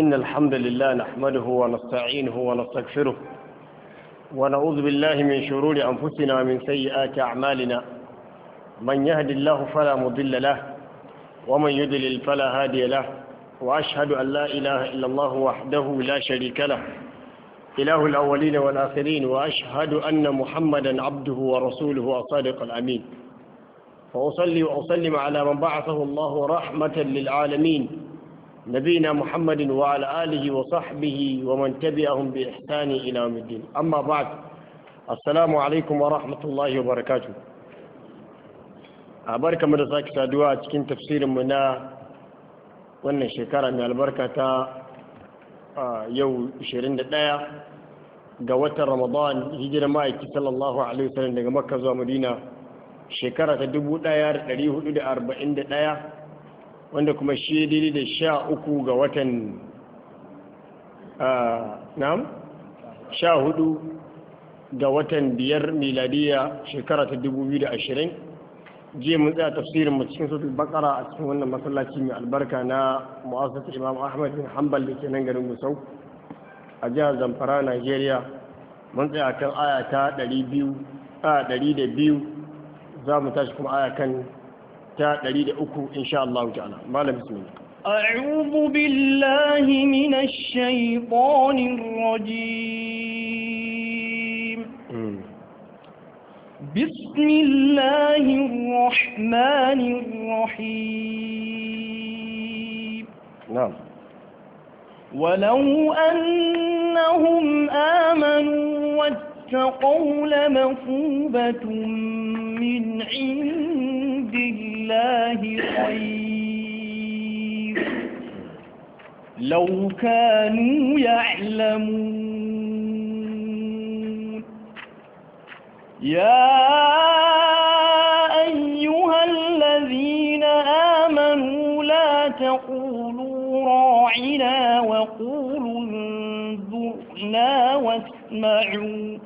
إن الحمد لله نحمده ونستعينه ونستغفره ونعوذ بالله من شرور أنفسنا ومن سيئات أعمالنا من يهد الله فلا مضل له ومن يضلل فلا هادي له وأشهد أن لا إله إلا الله وحده لا شريك له إله الأولين والآخرين وأشهد أن محمدا عبده ورسوله الصادق الأمين فأصلي وأسلم على من بعثه الله رحمة للعالمين نبينا محمد وعلى آله وصحبه ومن تبعهم بإحسان إلى يوم الدين أما بعد السلام عليكم ورحمة الله وبركاته أبارك من رساك سادوا تكين تفسير منا wannan shekara mai albarkata yau 21 ga watan ramadan hijirar ma'aiki sallallahu alaihi wasallam daga makka zuwa madina shekara ta 1441 wanda kuma shi daidai da sha uku ga watan ah, nam sha hudu ga watan biyar miladiya shekara ta dubu biyu da ashirin jiya mun tsaya tafsirin mu cikin sautul bakara a cikin wannan masallaci mai albarka na mu'asasa imam ahmad bin hanbal da ke nan garin gusau a jihar zamfara nigeria mun tsaya kan aya ta ɗari da biyu za mu tashi kuma aya kan إن شاء الله تعالى ما لم اسمه أعوذ بالله من الشيطان الرجيم بسم الله الرحمن الرحيم نعم ولو أنهم آمنوا واتقوا لمثوبة من عند الله الله خير لو كانوا يعلمون يا أيها الذين آمنوا لا تقولوا راعنا وقولوا انظرنا واسمعوا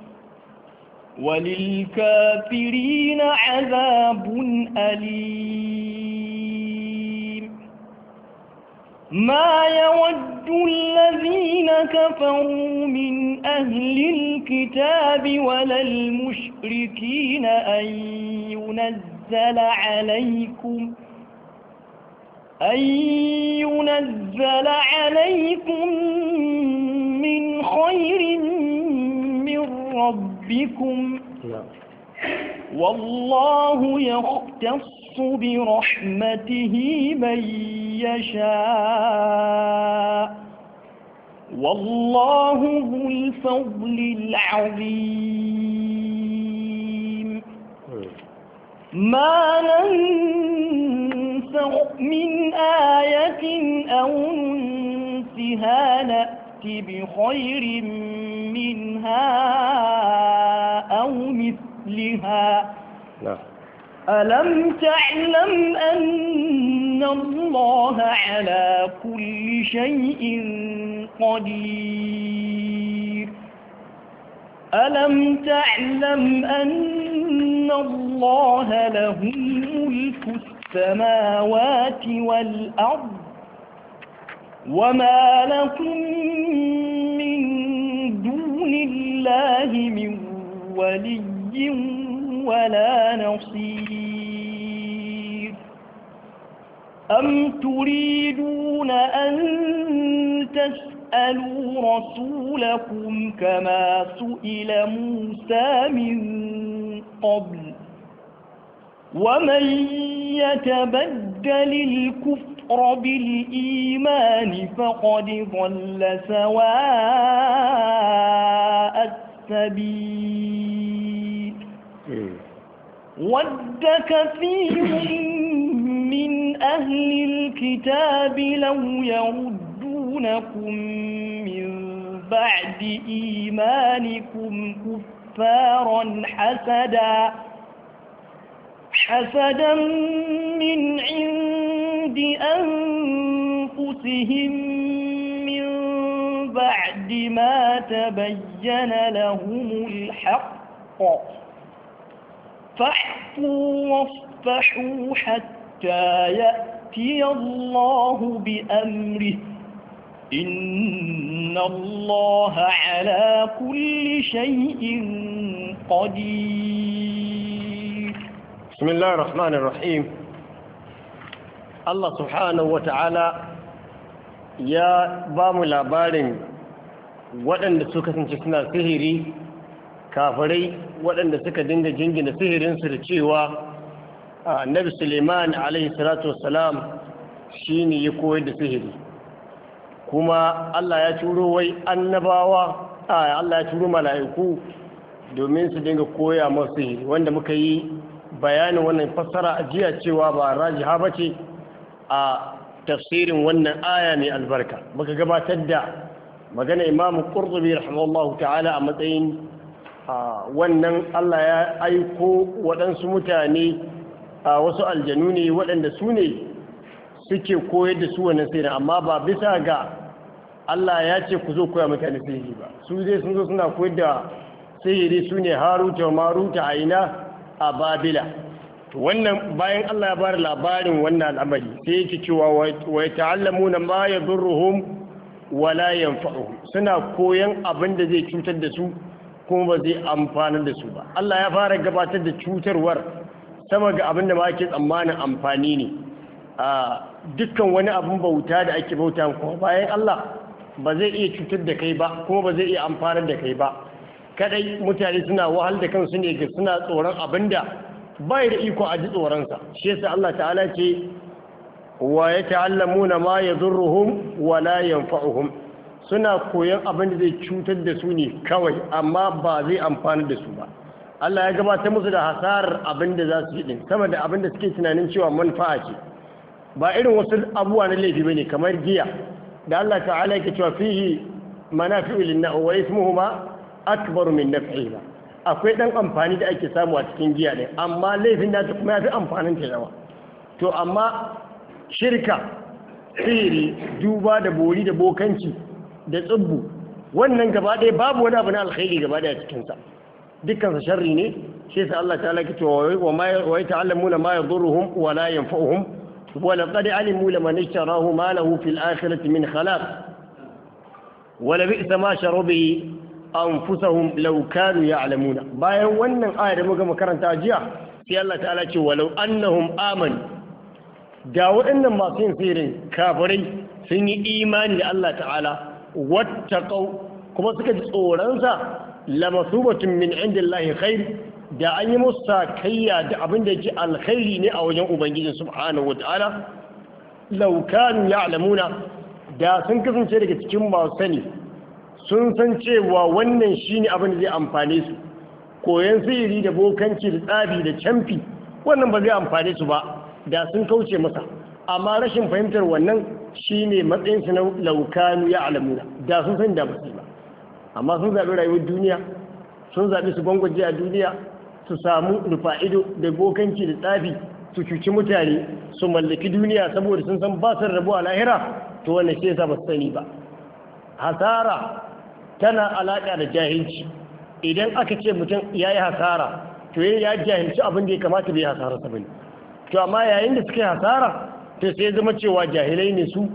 وللكافرين عذاب أليم ما يود الذين كفروا من أهل الكتاب ولا المشركين أن ينزل عليكم أن ينزل عليكم من خير من رب ربكم نعم. والله يختص برحمته من يشاء والله ذو الفضل العظيم ما ننسخ من آية أو ننسها نأتي يأت بخير منها أو مثلها نعم. ألم تعلم أن الله على كل شيء قدير ألم تعلم أن الله له ملك السماوات والأرض وما لكم من دون الله من ولي ولا نصير أم تريدون أن تسألوا رسولكم كما سئل موسى من قبل ومن يتبدل الكفر الكفر بالإيمان فقد ضل سواء السبيل إيه. ود كثير من أهل الكتاب لو يردونكم من بعد إيمانكم كفارا حسدا حسدا من عند أنفسهم من بعد ما تبين لهم الحق فاحفوا واصفحوا حتى يأتي الله بأمره إن الله على كل شيء قدير بسم الله الرحمن الرحيم الله سبحانه labarin waɗanda suka kasance suna sihiri kafarai waɗanda suka dinga jingina sihirinsu da cewa annabi suleiman alaihi salatu shi ne ya koyar da sihiri kuma allah ya turo wai annabawa allah ya turo malayaku domin su dinga koya masu sihiri wanda muka yi bayanin wannan fassara ajiya jiya cewa ba rajiha ba ce a tafsirin wannan aya mai albarka muka gabatar da magana imamu ƙurzubi rahimahullahu ta'ala a matsayin wannan Allah ya aiko waɗansu mutane a wasu aljanu ne waɗanda su ne suke koyar da su wannan sirrin amma ba bisa ga Allah ya ce ku zo koya mutane sihiri ba su dai sun zo suna koyar da sihiri su ne haruta maruta a ina a babila wannan bayan Allah ya bada labarin wannan al'amari sai yake cewa wa ta'allamuna ma yadurruhum wala yanfa'uhum suna koyan abin da zai cutar da su kuma ba zai amfana da su ba Allah ya fara gabatar da cutarwar sama ga abin da ma ake tsammanin amfani ne a dukkan wani abin bauta da ake bauta kuma bayan Allah ba zai iya cutar da kai ba kuma ba zai iya amfanar da kai ba kadai mutane suna wahal da kansu ne ga suna tsoron abinda bai da iko a ji tsoronsa shi yasa Allah ta'ala ce wa ya ta'allamuna ma yadurruhum wa la yanfa'uhum suna koyon abin da zai cutar da su ne kawai amma ba zai amfana da su ba Allah ya gabatar musu da hasarar abin da za su yi din sama da abin da suke tunanin cewa manfa'a ce ba irin wasu abubuwa na laifi bane kamar giya da Allah ta'ala yake cewa fihi manafi'u lin-nas wa ismuhuma akbar min naf'i ba akwai dan amfani da ake samu a cikin giya ne amma laifin da kuma ya fi amfanin ta yawa to amma shirka tsiri duba da bori da bokanci da tsubbu wannan gaba ɗaya babu wani abu na alkhairi gaba ɗaya cikinsa dukkansa sharri ne shi sa Allah ta'ala ke cewa wa ma wa ta'allamuna ma yadurruhum wa la yanfa'uhum wa laqad alimu liman ishtarahu ma lahu fil akhirati min khalaq wa la bi'sa ma sharu anfusahum law kanu ya'lamuna bayan wannan aya da muka makaranta jiya sai Allah ta'ala ce walau annahum aman da waɗannan masu yin sirrin kafirai sun yi imani da Allah ta'ala wattaqau kuma suka ji tsoron sa lamasubatun min indillahi khair da an yi musa sakayya da abin da yake alkhairi ne a wajen ubangiji subhanahu wataala law kanu ya'lamuna da sun kasance daga cikin masu sani sun san cewa wannan shi ne abin da zai amfane su koyon sihiri da bokanci da tsabi da camfi wannan ba zai amfane su ba da sun kauce masa amma rashin fahimtar wannan shine matsayin su na laukanu ya alamuna da sun san da ba su ba amma sun zaɓi rayuwar duniya sun zaɓi su gwangwaje a duniya su samu rufa ido da bokanci da tsafi su cuci mutane su mallaki duniya saboda sun san ba su a lahira to wannan shi yasa ba su sani ba hasara tana alaƙa da jahilci idan aka ce mutum ya yi hasara to ya jahilci abin da ya kamata bai hasara sa to amma yayin da suka yi hasara to sai zama cewa jahilai ne su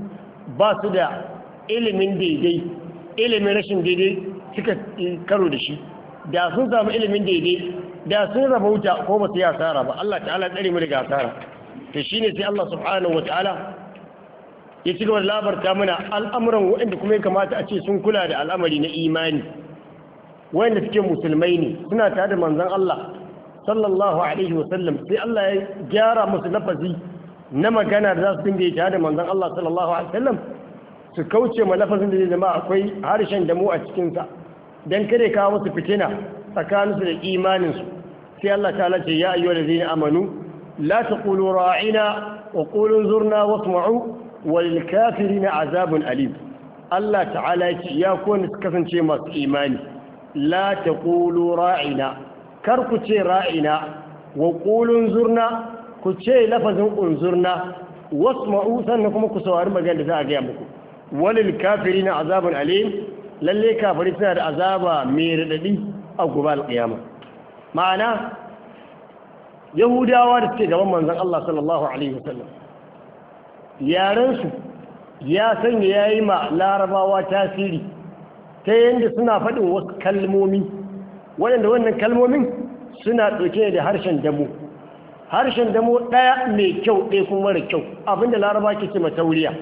ba su da ilimin daidai ilimin rashin daidai suka karo da shi da sun samu ilimin daidai da sun raba wuta ko ba su yi hasara ba Allah ta'ala tsari mu daga hasara to ne sai Allah subhanahu Ta'ala. ya ci gaba labarta mana al'amuran waɗanda kuma ya kamata a ce sun kula da al'amari na imani waɗanda suke musulmai ne suna tare da manzan Allah sallallahu alaihi wasallam sai Allah ya gyara musu lafazi na magana da za su dinga yi tare da Allah sallallahu alaihi wasallam su kauce ma lafazin da zai zama akwai harshen da a cikin don kare kawo musu fitina tsakaninsu da imaninsu sai Allah ta ce ya ayyuhallazina amanu la taqulu ra'ina wa qulu zurna wasma'u walil kafirina azabun alim Allah ta'ala yake ya kone kasance masu imani la taqulu ra'ina kar ku ce ra'ina wa zurna ku ce lafazin unzurna wasma'u sannan kuma ku saurari magana da za a gaya muku walil kafirina azabun alim lalle kafiri suna da azaba mai raɗaɗi a guba alƙiyama ma'ana yahudawa da suke gaban manzan Allah sallallahu alaihi wasallam yarensu ya sanya ya yi ma larabawa tasiri ta yadda suna faɗin wasu kalmomi waɗanda wannan kalmomin suna ɗauke da harshen damo harshen damo ɗaya mai kyau ɗaya kuma mara kyau abinda laraba ke ce ma tauriya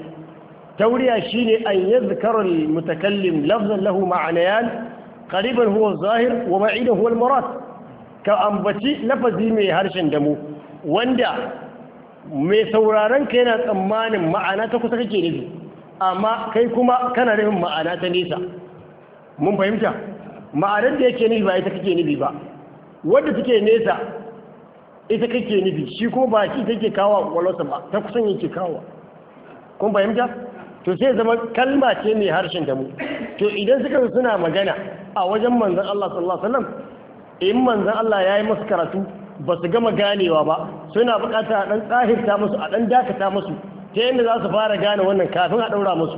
shi shine an yadhkara al-mutakallim lafzan lahu ma'anayan ƙariban huwa zahir wa ba'idan huwa al ka ambaci lafazi mai harshen damo wanda mai sauraron ka yana tsammanin ma'ana ta kusa kake nufi amma kai kuma kana nufin ma'ana ta nesa mun fahimta ma'anar da yake nufi ba ita kake nufi ba wadda take nesa ita kake nufi shi ko ba shi take kawo kwakwalwarsa ba ta kusan yake kawo kun fahimta to sai zama kalma ce mai harshen da mu to idan suka suna magana a wajen manzan Allah sallallahu alaihi wasallam in manzan Allah ya yi masu karatu ba su gama ganewa ba suna bukata a ɗan tsahirta musu a ɗan dakata musu ta yadda za su fara gane wannan kafin a ɗaura musu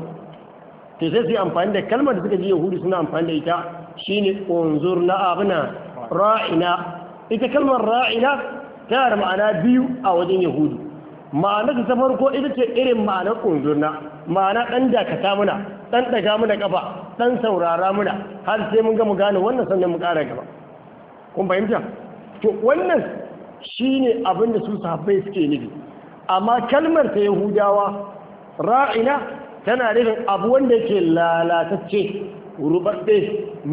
Ta sai su yi amfani da kalmar da suka ji yahudu suna amfani da ita shi ne ƙunzur na abina ra'ina ita kalmar ra'ina ta da ma'ana biyu a wajen yahudu ma'anar ta farko ita ce irin ma'anar na ma'ana ɗan dakata muna ɗan ɗaga muna ƙafa ɗan saurara muna har sai mun gama gane wannan sannan mu ƙara gaba kun fahimta to wannan shi ne abinda su sahabbai suke nufi amma kalmar ta yahudawa ra'ina tana nufin abu wanda yake lalatacce rubarɗe,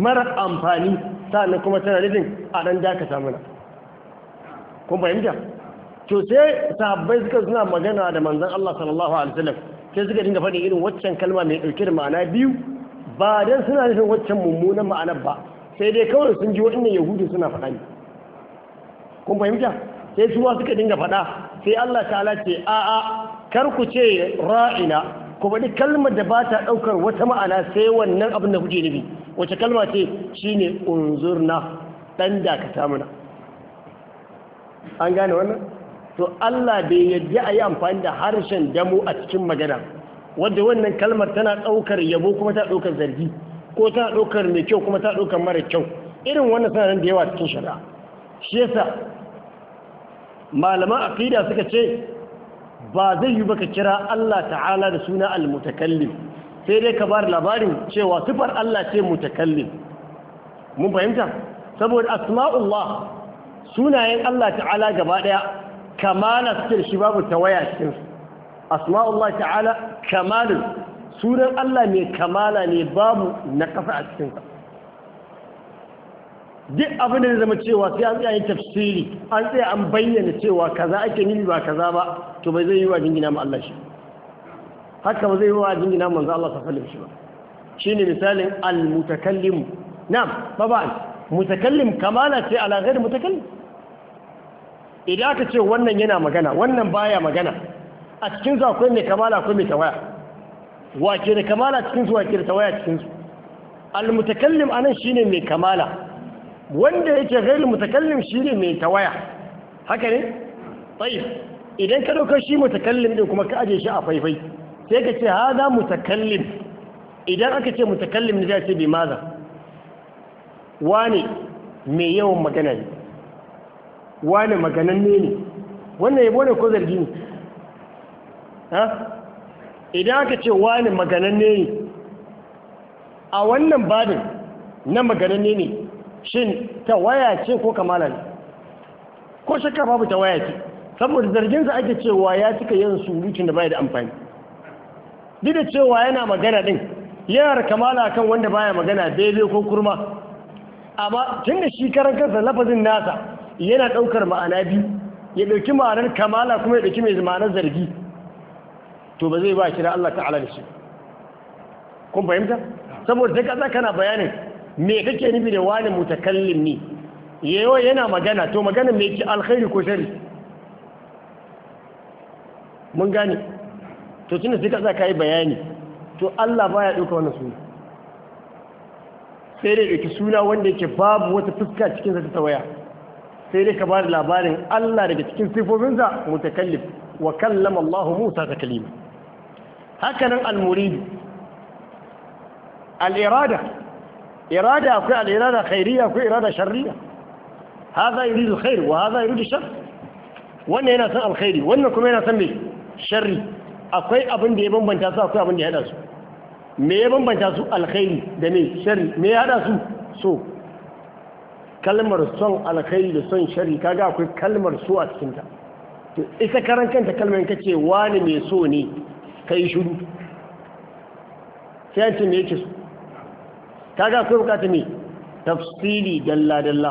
mara amfani sannan kuma tana nufin a ɗan dakata mana kuma fahimta to sai sahabbai suka suna magana da manzan Allah sallallahu alaihi wasallam sai suka dinga faɗin irin waccan kalma mai ɗauke da ma'ana biyu ba dan suna nufin waccan mummunan ma'anar ba sai dai kawai sun ji waɗannan yahudi suna faɗa ne kun fahimta sai su suka dinga faɗa sai Allah ta'ala ce a a kar ku ce ra'ina ku faɗi kalmar da ba ta ɗaukar wata ma'ana sai wannan abin da kuke nufi wace kalma ce shine unzurna dan ta mana an gane wannan to Allah bai yadda a yi amfani da harshen damu a cikin magana wadda wannan kalmar tana ɗaukar yabo kuma ta ɗaukar zargi ko tana ɗaukar mai kyau kuma ta ɗaukar mara kyau irin wannan suna nan da yawa cikin shari'a shi yasa malaman aqida suka ce ba zai yi baka kira Allah ta'ala da suna al-mutakallim sai dai ka bar labarin cewa sifar Allah ce mutakallim mun fahimta saboda asma'ullah sunayen Allah ta'ala gaba daya kamala cikin shi babu tawaya cikin asma'ullah ta'ala kamalin sunan Allah mai kamala ne babu na kafa a cikinsa duk abin da zama cewa sai an tsaya tafsiri an tsaya an bayyana cewa kaza ake nufi ba kaza ba to bai zai yi wa jingina ma Allah shi haka ba zai yi wa jingina manzo Allah sallallahu alaihi wasallam shi ne misalin al-mutakallim na'am babal mutakallim kamala ce ala ghairi mutakallim idan aka ce wannan yana magana wannan baya magana a cikin su akwai mai kamala akwai mai tawaya Wa ke da kamala cikin su ke da tawaya cikin su al-mutakallim anan shine mai kamala wanda yake gail mutakallim ne mai tawaya haka ne tsayi idan ka dauka shi mutakallim din kuma ka aje shi a faifai sai ka ce za mutakallim idan aka ce mutakallim ne zai ce bi maza wani mai yawan magana ne wani magananne ne wannan yabo ne ko zargi ne ha idan aka ce wani magananne ne a wannan badin na magananne ne shin ta ce ko kamala ne ko shakka babu ta waya ce saboda zarginsa ake cewa ya cika yin surutun da baya da amfani duk da cewa yana magana din yana kamala kan wanda baya magana daidai ko kurma amma tun da shi karan kansa lafazin nasa yana ɗaukar ma'ana biyu ya ɗauki ma'anar kamala kuma ya ɗauki mai ma'anar zargi to ba zai ba kira Allah ta'ala da shi kun fahimta saboda duk kana bayanin me kake nufi da wani mutakallim ne yayo yana magana to magana me yake alkhairi ko shari mun gane to tunda sai ka tsaka yi bayani to Allah baya dauka wannan suna sai dai dauki suna wanda yake babu wata fuska cikin sa ta waya sai dai ka ba da labarin Allah daga cikin sa mutakallim wa kallama Allah Musa Kalima. hakanan al-murid al-irada irada akwai al'irada khairiyya akwai irada sharriyya haza yuridu khair wa haza yuridu shar wannan yana son alkhairi wannan kuma yana son me shari? akwai abin da ya bambanta su akwai abin da ya haɗa su me ya bambanta su alkhairi da me shari? me ya haɗa su so kalmar son alkhairi da son shari kaga akwai kalmar su a cikin ta to isa karan kanta kalmar kace wani mai so ne kai shiru sai an ce me yake so kaga akwai bukatar me tafsili dalla dalla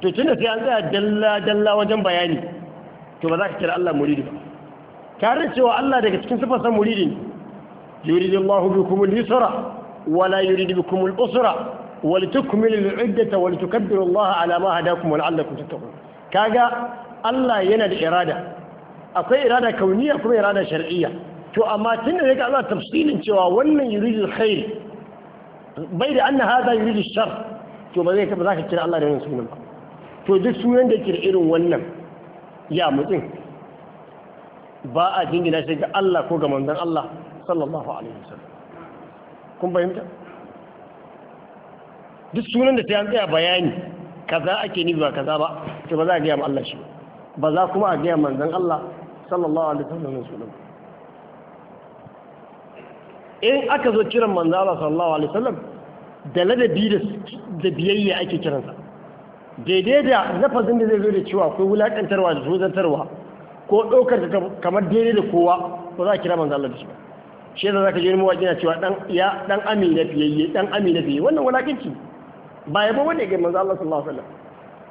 to tunda sai an tsaya dalla dalla wajen bayani to ba za ka kira Allah muridi ba tare cewa Allah daga cikin sifarsa muridi ne yuridu Allahu bikum al-yusra wa la yuridu bikum al-usra wa litukmilu al-iddata wa litukabbiru Allah ala ma kuma wa la'allakum tattaqun kaga Allah yana da irada akwai irada kauniya kuma irada shar'iyya to amma tunda daga Allah tafsilin cewa wannan yuridu al-khair bai da anna hadha yuridu shar to ba zai ba za ka kira Allah da wannan sunan ba to duk sunan da kira irin wannan ya mutum ba a jingina shi ga Allah ko ga manzon Allah sallallahu alaihi wasallam kun fahimta duk sunan da ta yanzu ya bayani kaza ake nufi ba kaza ba to ba za a gaya ma Allah shi ba za kuma a gaya manzon Allah sallallahu alaihi wasallam sunan ba in aka zo kiran manzo Allah sallallahu alaihi wasallam da ladabi da biyayya ake kiransa daidai da lafazin da zai zo da cewa akwai wulakantarwa da zozantarwa ko ɗaukar ka kamar daidai da kowa ko za a kira manzo Allah da shi shi da zaka je mu waje na cewa dan ya dan amina biyayya dan amina biyayya wannan wulakanci ba yabo wanda ga manzo Allah sallallahu alaihi wasallam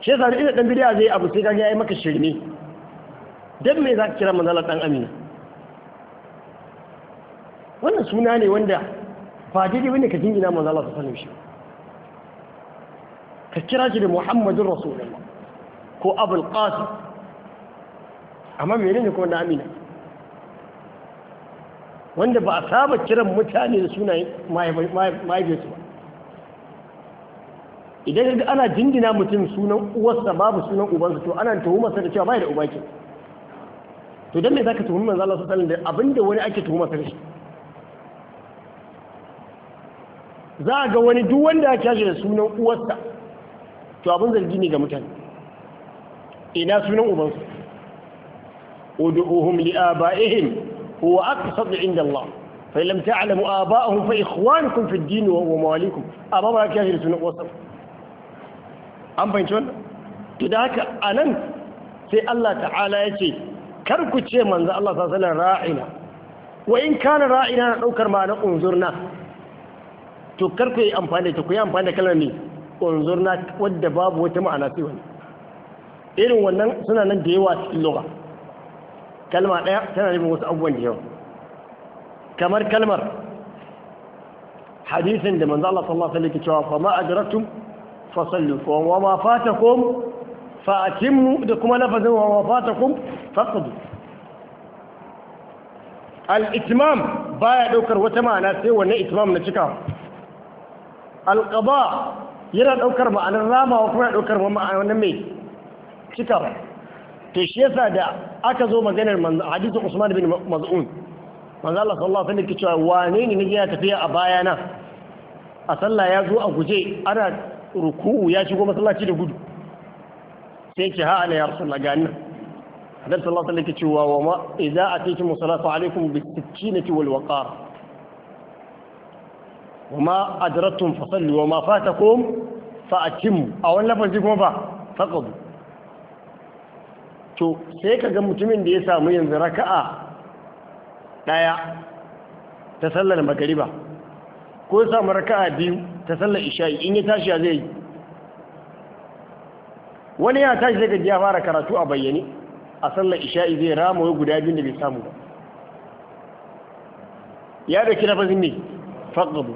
shi yasa da dan bidiya zai abu sai kaga yayi maka shirme dan me za ka kira manzo Allah dan amina wannan suna ne wanda ba daidai wanda ka jingina manzo Allah sallallahu alaihi wasallam ka kira shi da Muhammadun Rasulullah ko Abul Qasim amma menene ko na Amina wanda ba a saba kiran mutane da sunayen mahaifiyarsu ba idan ga ana jingina mutum sunan uwarsa babu sunan ubansa to ana tuhumarsa da cewa bai da uba ke to dan me zaka tuhumi manzo Allah sallallahu alaihi wasallam da abinda wani ake tuhumarsa da shi za ga wani duk wanda ya kyashi da sunan uwarsa to abin zargi ne ga mutane ina sunan ubansu ud'uhum li'aba'ihim huwa aqsad 'inda Allah fa lam ta'lamu aba'ahum fa ikhwanukum fi ad-din wa mawalikum amma ba kyashi da sunan uwarsa an bayyana wannan to da haka anan sai Allah ta'ala ya ce kar ku ce manzo Allah sallallahu alaihi wasallam ra'ina wa in kana ra'ina na daukar ma'anar unzurna to karku ku yi amfani ta ku yi amfani da kalmar ne na wadda babu wata ma'ana sai wani irin wannan suna nan da yawa cikin lugha kalma ɗaya tana nufin wasu abubuwan da yawa kamar kalmar hadisin da manzo Allah sallallahu alaihi wasallam cewa fa ma adratum fasallu wa ma fatakum fa atimmu da kuma lafazin wa ma fatakum faqdu al-itmam baya daukar wata ma'ana sai wannan itmam na cikawa alƙaba yana ɗaukar ma'anar ramawa kuma yana ɗaukar ma'anar mai cika ba ta shi yasa da aka zo maganar hadisin usman bin maz'un manzo Allah sallallahu alaihi wasallam cewa wane ne ne ya tafiya a bayana a sallah ya zo a guje ana ruku'u ya shigo masallaci da gudu sai ce ha ana ya rasulullah ga nan dan sallallahu alaihi wasallam cewa wa ma idza atikum salatu alaikum bis sakinati wal waqar wa ma adrattum fasallu wa ma fatakum fa atimmu a wani lafazi kuma ba faqadu to sai kaga mutumin da ya samu yanzu raka'a daya ta sallar magariba ko ya samu raka'a biyu ta sallar isha'i in ya tashi ya zai yi wani ya tashi daga ya fara karatu a bayyane a sallar isha'i zai rama guda biyun da bai samu ba ya da kira fa zinne faqadu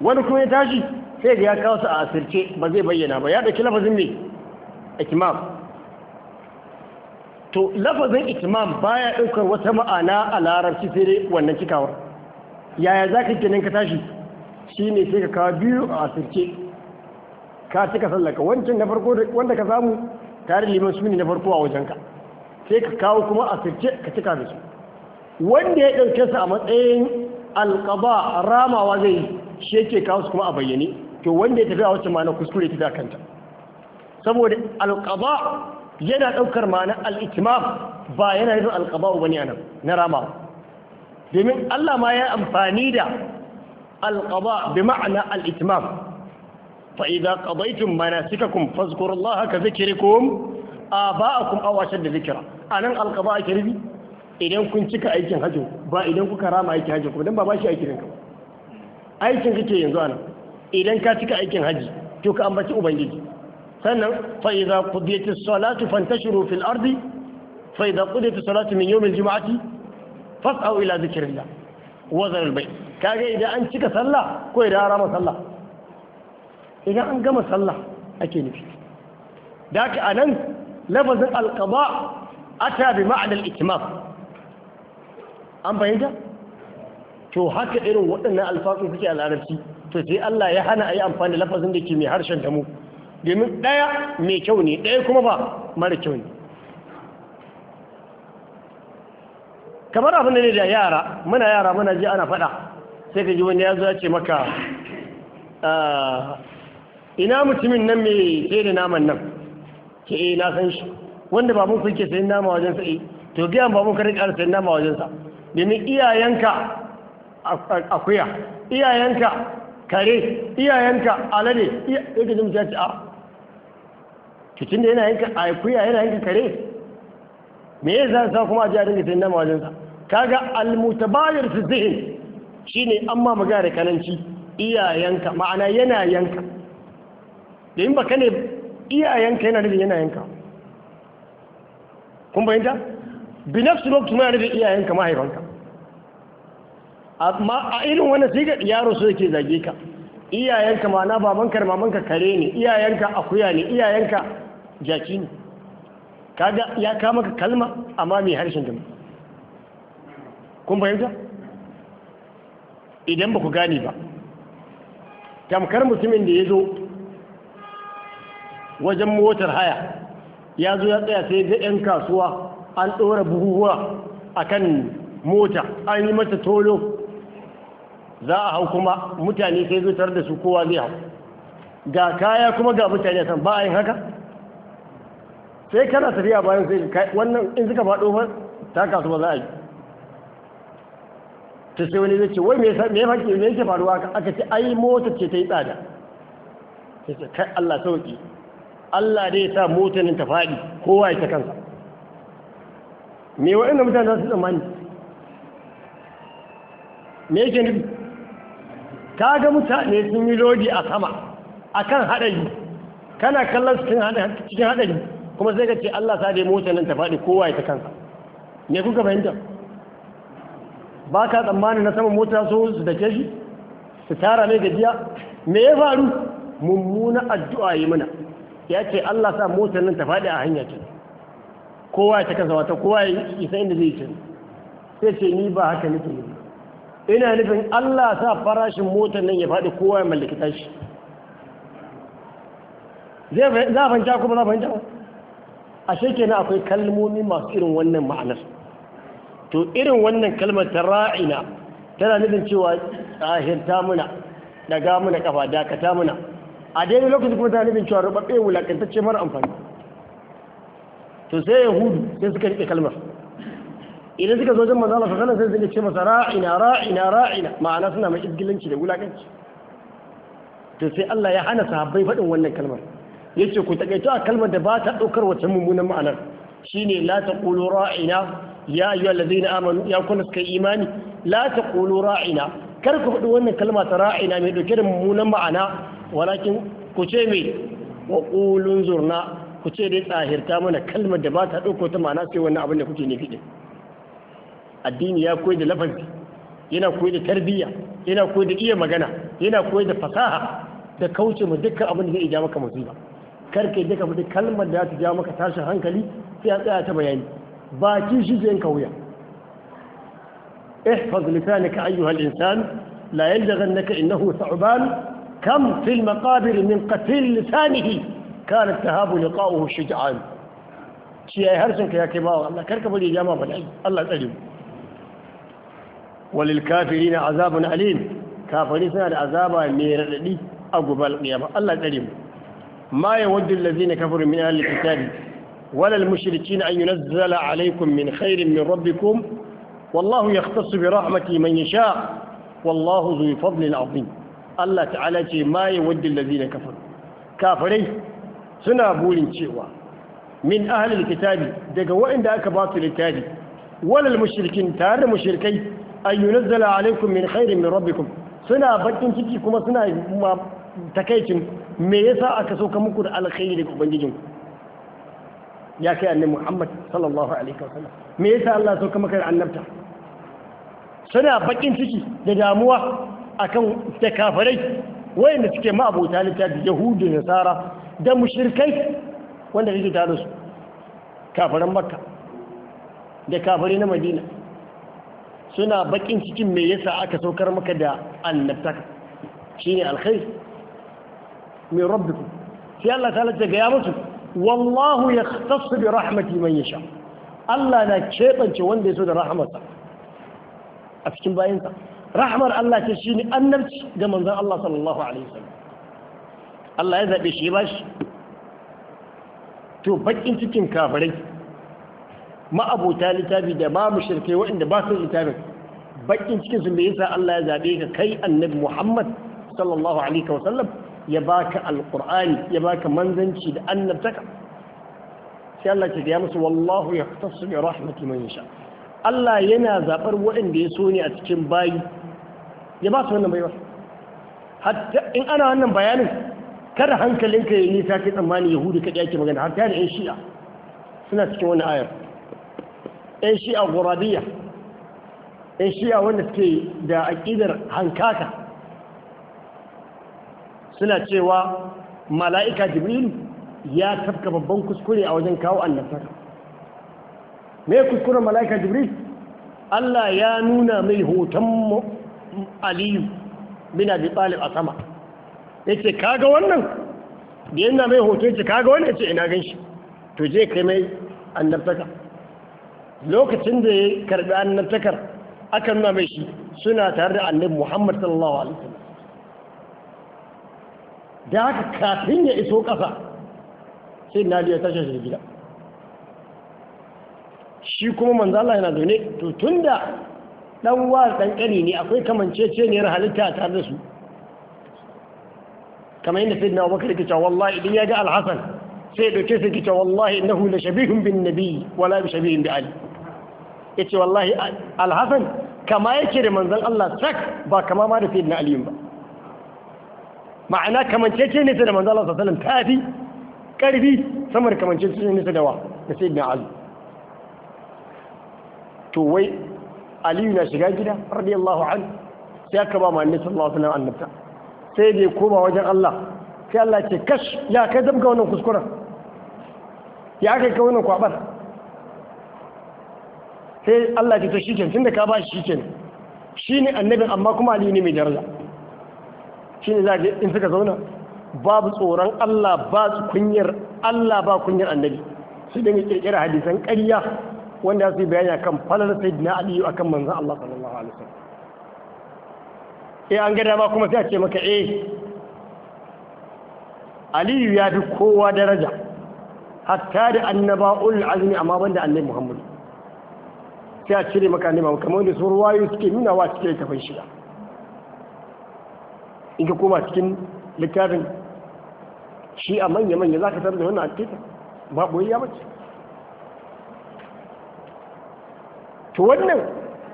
wani kuma ya tashi sai ga ya kawo su a asirce ba zai bayyana ba ya ɗauki lafazin mai ikimam to lafazin ikimam baya ɗaukar wata ma'ana a larabci sai dai wannan cikawar yaya za ka kenan ka tashi shi ne sai ka kawo biyu a asirce ka cika sallaka wancan na farko wanda ka samu tare liman su ne na farko a wajenka sai ka kawo kuma asirce ka cika da su wanda ya ɗauke su a matsayin alƙaba ramawa zai yi shi yake kawo su kuma a bayyane to wanda ya tafi a wacce ma'ana kuskure ta kanta saboda alƙaba yana ɗaukar ma'ana al'itimam ba yana nufin alƙaba ba ne anan na rama domin Allah ma ya amfani da alƙaba bi ma'ana al'itimam fa idza qadaytum manasikakum fazkurullaha ka zikrikum aba'akum aw ashadda zikra anan alƙaba ake rubi idan kun cika aikin hajji ba idan kuka rama aikin hajji kuma dan ba ba shi aikin ka aikin kake yanzu ana idan ka cika aikin haji to ka ambaci ubangiji sannan fa idza qudiyat as-salatu fantashiru fil ardi fa idza qudiyat as-salatu min yawm al-jum'ati fas'au ila dhikrillah wa dhar al-bayt kage idan an cika sallah ko idan an rama sallah idan an gama sallah ake nufi da haka anan lafazin al-qada ata bi ma'na al-itmam an bayyana to haka irin waɗannan alfasun suke al'adarci, to sai Allah ya hana a yi amfani da lafazin da ke mai harshen damu domin ɗaya mai kyau ne ɗaya kuma ba mara kyau ne kamar abin da ne da yara muna yara muna ji ana faɗa sai ka ji wani ya zo ya ce maka ah, ina mutumin nan mai sai da naman nan ke eh na san shi wanda fi ke sayin nama wajen sa'i eh, to biyan babanku ƙara sayin nama wajen sa domin iyayenka akuya iyayenka kare iyayenka alade yake jin ta ce a ah, cikin da yana yanka akuya yana yanka kare me ya zan sa kuma a ji a dinga sayin nama wajensa kaga almutabayar su zihin shi ne an ma maga da kananci iyayenka ma'ana yana yanka da yin baka ne iyayenka yana nufin yana yanka kun bayanta bi nafsu lokacin yana nufin iyayenka mahaifanka amma a irin wani sai yaro so yake zage ka iyayenka ma na babanka mamanka kare ne iyayenka akuya ne iyayenka jaki ne kaga ya kama ka kalma amma mai harshen gami kun fahimta idan ba ku gane ba tamkar mutumin da ya zo wajen motar haya ya zo ya tsaya sai da 'yan kasuwa an ɗora buhuhuwa a kan mota an yi mata tolo za a hau kuma mutane sai zutar da su kowa zai hau ga kaya kuma ga mutane kan ba a yin haka sai kana tafiya bayan sai wannan in suka faɗo fa ta kasu ba za a yi ta sai wani zai ce wai me yake me yake faruwa ka? aka ce ai motar ce ta yi tsada sai ce kai Allah sauki Allah dai ya sa motar ta faɗi kowa ya ta kansa me da mutane za su tsammani me yake nufi ka ga mutane sun yi lodi a sama kan haɗari kana kallon cikin haɗari kuma sai ka ce Allah sa dai mota nan ta faɗi kowa ya ta kansa me kuka fahimta ba ka tsammanin na sama mota so su ke shi su tara mai gajiya me ya faru mummuna addu'a yi mana ya ce Allah sa mota nan ta faɗi a hanya ce kowa ya ta kansa wata kowa ya isa inda zai ce sai ce ni ba haka nake yi ina nufin Allah sa farashin motar nan ya faɗi kowa ya mallaki tashi za a fahimta kuma za a fahimta ba a na akwai kalmomi masu irin wannan ma'anar to irin wannan kalmar ta ra'ina tana nufin cewa tsahirta muna daga muna kafa dakata muna a daidai lokacin kuma tana nufin cewa rubabbe wulakantacce mara amfani to sai yahudu sai suka rike kalmar idan suka zo wajen manzo Allah sallallahu alaihi wasallam sai ce masa ra'ina ra'ina ra'ina ma'ana suna mai izgilanci da wulakanci to sai Allah ya hana sahabbai faɗin wannan kalmar yace ku takaito a kalmar da ba ta daukar wata mummunan ma'anar shine la taqulu ra'ina ya ayyuhal ladina amanu ya kun suka imani la taqulu ra'ina kar ku faɗi wannan kalma ta ra'ina mai dauke da mummunan ma'ana walakin ku ce me wa qulun zurna ku ce dai tsahirta mana kalmar da ba ta dauko ta ma'ana sai wannan abin da kuke ne din addini ya koyi da lafazi yana koyi da tarbiyya yana koyi da iya magana yana koyi da fasaha da kauce mu dukkan abin da zai ja maka musiba kar kai duka fita kalmar da za ta ja maka tashin hankali sai a tsaya ta bayani ba baki shi zai ka wuya احفظ لسانك أيها الإنسان لا يلدغنك إنه ثعبان كم في المقابر من قتيل لسانه كان التهاب لقاؤه شجعان شيء هرسنك يا كبار الله كركب الإجامة بالعلم الله تأجب walil kafiri na azabun alim kafari suna da azaba mai raɗaɗi a gubal ƙiyama Allah tsare mu ma ya waddu allazina kafaru min ahli kitabi walal na an yunazzala alaykum min khairin min rabbikum wallahu yahtassu bi rahmati man yasha wallahu zu fadlin azim Allah ta'ala ce ma ya waddu allazina kafaru kafirai suna burin cewa min ahli kitabi daga waɗanda aka ba su littafi walal mushrikin tare da mushrikai an yunazzala alaikum min khairin min rabbikum suna bakin ciki kuma suna takaicin me yasa aka sauka muku da alkhairi daga ubangijinku ya kai annabi Muhammad sallallahu alaihi wasallam me yasa Allah sauka maka da annabta suna bakin ciki da damuwa akan da kafirai wayanda suke ma abota littafi yahudu nasara da mushrikai wanda kake tare su kafiran makka da kafirai na madina suna bakin cikin mai yasa aka saukar maka da annabtaka shine alkhair min rabbikum sai Allah ta lalace ga ya musu wallahu yahtassu bi rahmati man yasha Allah na kebance wanda yaso da rahmarsa a cikin bayinsa rahmar Allah ce shine annabci ga manzon Allah sallallahu alaihi wasallam Allah ya zabe shi ba shi to bakin cikin kafirai ma'abuta littafi da ma mushrikai waɗanda ba su littafin bakin cikin su me yasa Allah ya zaɓe ka kai annabi Muhammad sallallahu alaihi wa sallam ya baka alqur'ani ya baka manzanci da annabtaka sai Allah ya ga musu wallahu yahtassu bi rahmati man yasha Allah yana zabar waɗanda ya so ne a cikin bayi ya ba su wannan baiwa hatta in ana wannan bayanin kada hankalinka ya nisa kai tsammani yahudu kaɗai ake magana hatta da yan shi'a suna cikin wani ayar 'yan shi'a gurabiya 'yan shi'a wanda suke da aƙidar hankaka suna cewa mala'ika Jibril ya tafka babban kuskure a wajen kawo annabtaka mai kuskuren mala'ika jibril allah ya nuna mai hoton aliyu bin abi talib a sama ya ce kaga wannan da yana mai hoton ce kaga wannan ya ce ina gan shi to je kai mai annabtaka lokacin da ya karbi annabtakar aka nuna mai shi suna tare da annabi Muhammad sallallahu alaihi da haka kafin ya iso ƙasa sai na ya tashi shi gida shi kuma manzo Allah yana zaune to tunda da ɗan dan kani ne akwai kamanceceniyar halitta tare da su kamar yadda sai Abubakar yake cewa wallahi idan ya ga Alhassan, sai ɗauke dauke sai yake cewa wallahi innahu la shabihun bin nabi wala bi shabihin bi ali ya ce wallahi alhassan kama yake da manzan Allah sak ba kama ma da na aliyu ba ma'ana kamancece ne da manzan Allah sallallahu ta fi karfi sama da kamancece ne da wa da sayyidina ali to wai aliyu na shiga gida radiyallahu anhu sai aka ba manzan sallallahu alaihi wasallam annabta sai bai koma wajen Allah sai Allah ce kash ya kai zabga wannan kuskuren ya kai ka wannan kwabar sai Allah ce ya to shikenan tunda ka ba shi shikenan shine annabin amma kuma ali ne mai daraja shine za ga in suka zauna babu tsoron Allah ba kunyar Allah ba kunyar annabi sai dan kirkira hadisan ƙarya wanda su bayani akan falal sayyidina ali akan manzon Allah sallallahu alaihi wasallam eh an ga dama kuma sai a ce maka eh aliyu ya fi kowa daraja hatta da annaba annaba'ul azmi amma banda annabi muhammadu sai a cire maka nema kamar da sun ruwayo suke nuna wa cikin littafin shiga in ka koma cikin littafin shi a manya-manya za ka tarar da wannan akita ba ɓoyi ya mace to wannan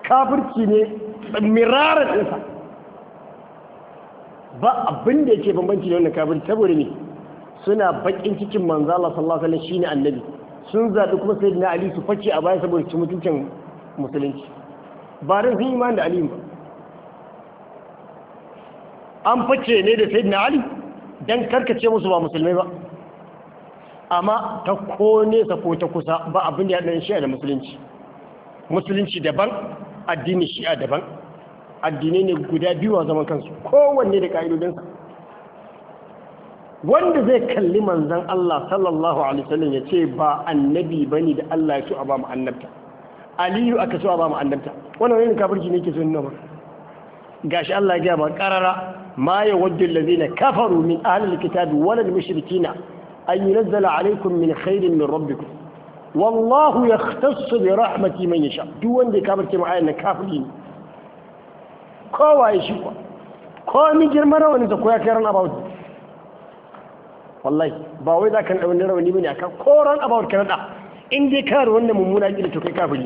kafirci ne mirarar ɗinsa ba abin da yake bambanci da wannan kafirci saboda ne suna bakin cikin manzala sallallahu alaihi wasallam shine annabi sun zaɓi kuma sai ali su fake a baya saboda ci mutuncin musulunci ba don sun imani da aliyu ba an fice ne da sayyidina ali don karkace musu ba musulmai ba amma ta ko nesa ko ta kusa ba abin da ya ɗan shi'a da musulunci musulunci daban addini shi'a daban addinai ne guda biyu a zaman kansu kowanne da ƙa'idodinsa wanda zai kalli manzan Allah sallallahu alaihi wasallam ya ce ba annabi bane da Allah ya ci a ba mu annabta aliyu aka so a ba mu wani wani wani kafirci ne ke sun nuna ga shi Allah ya ba karara ma lalzi na kafaru min wani alkitabi mashirki na an yi nazzala alaikun min khairin min ku, wallahu ya yahtassu da rahmati man yasha duk wanda ya kafirce mu ayan kafiri ne kowa ya shi kwa ko ni girma rawanin ta koya kai ran about wallahi ba wai za ka ɗaunin rawani bane akan ko ran about ka nada in dai kawar wannan mummuna gida to kai kafin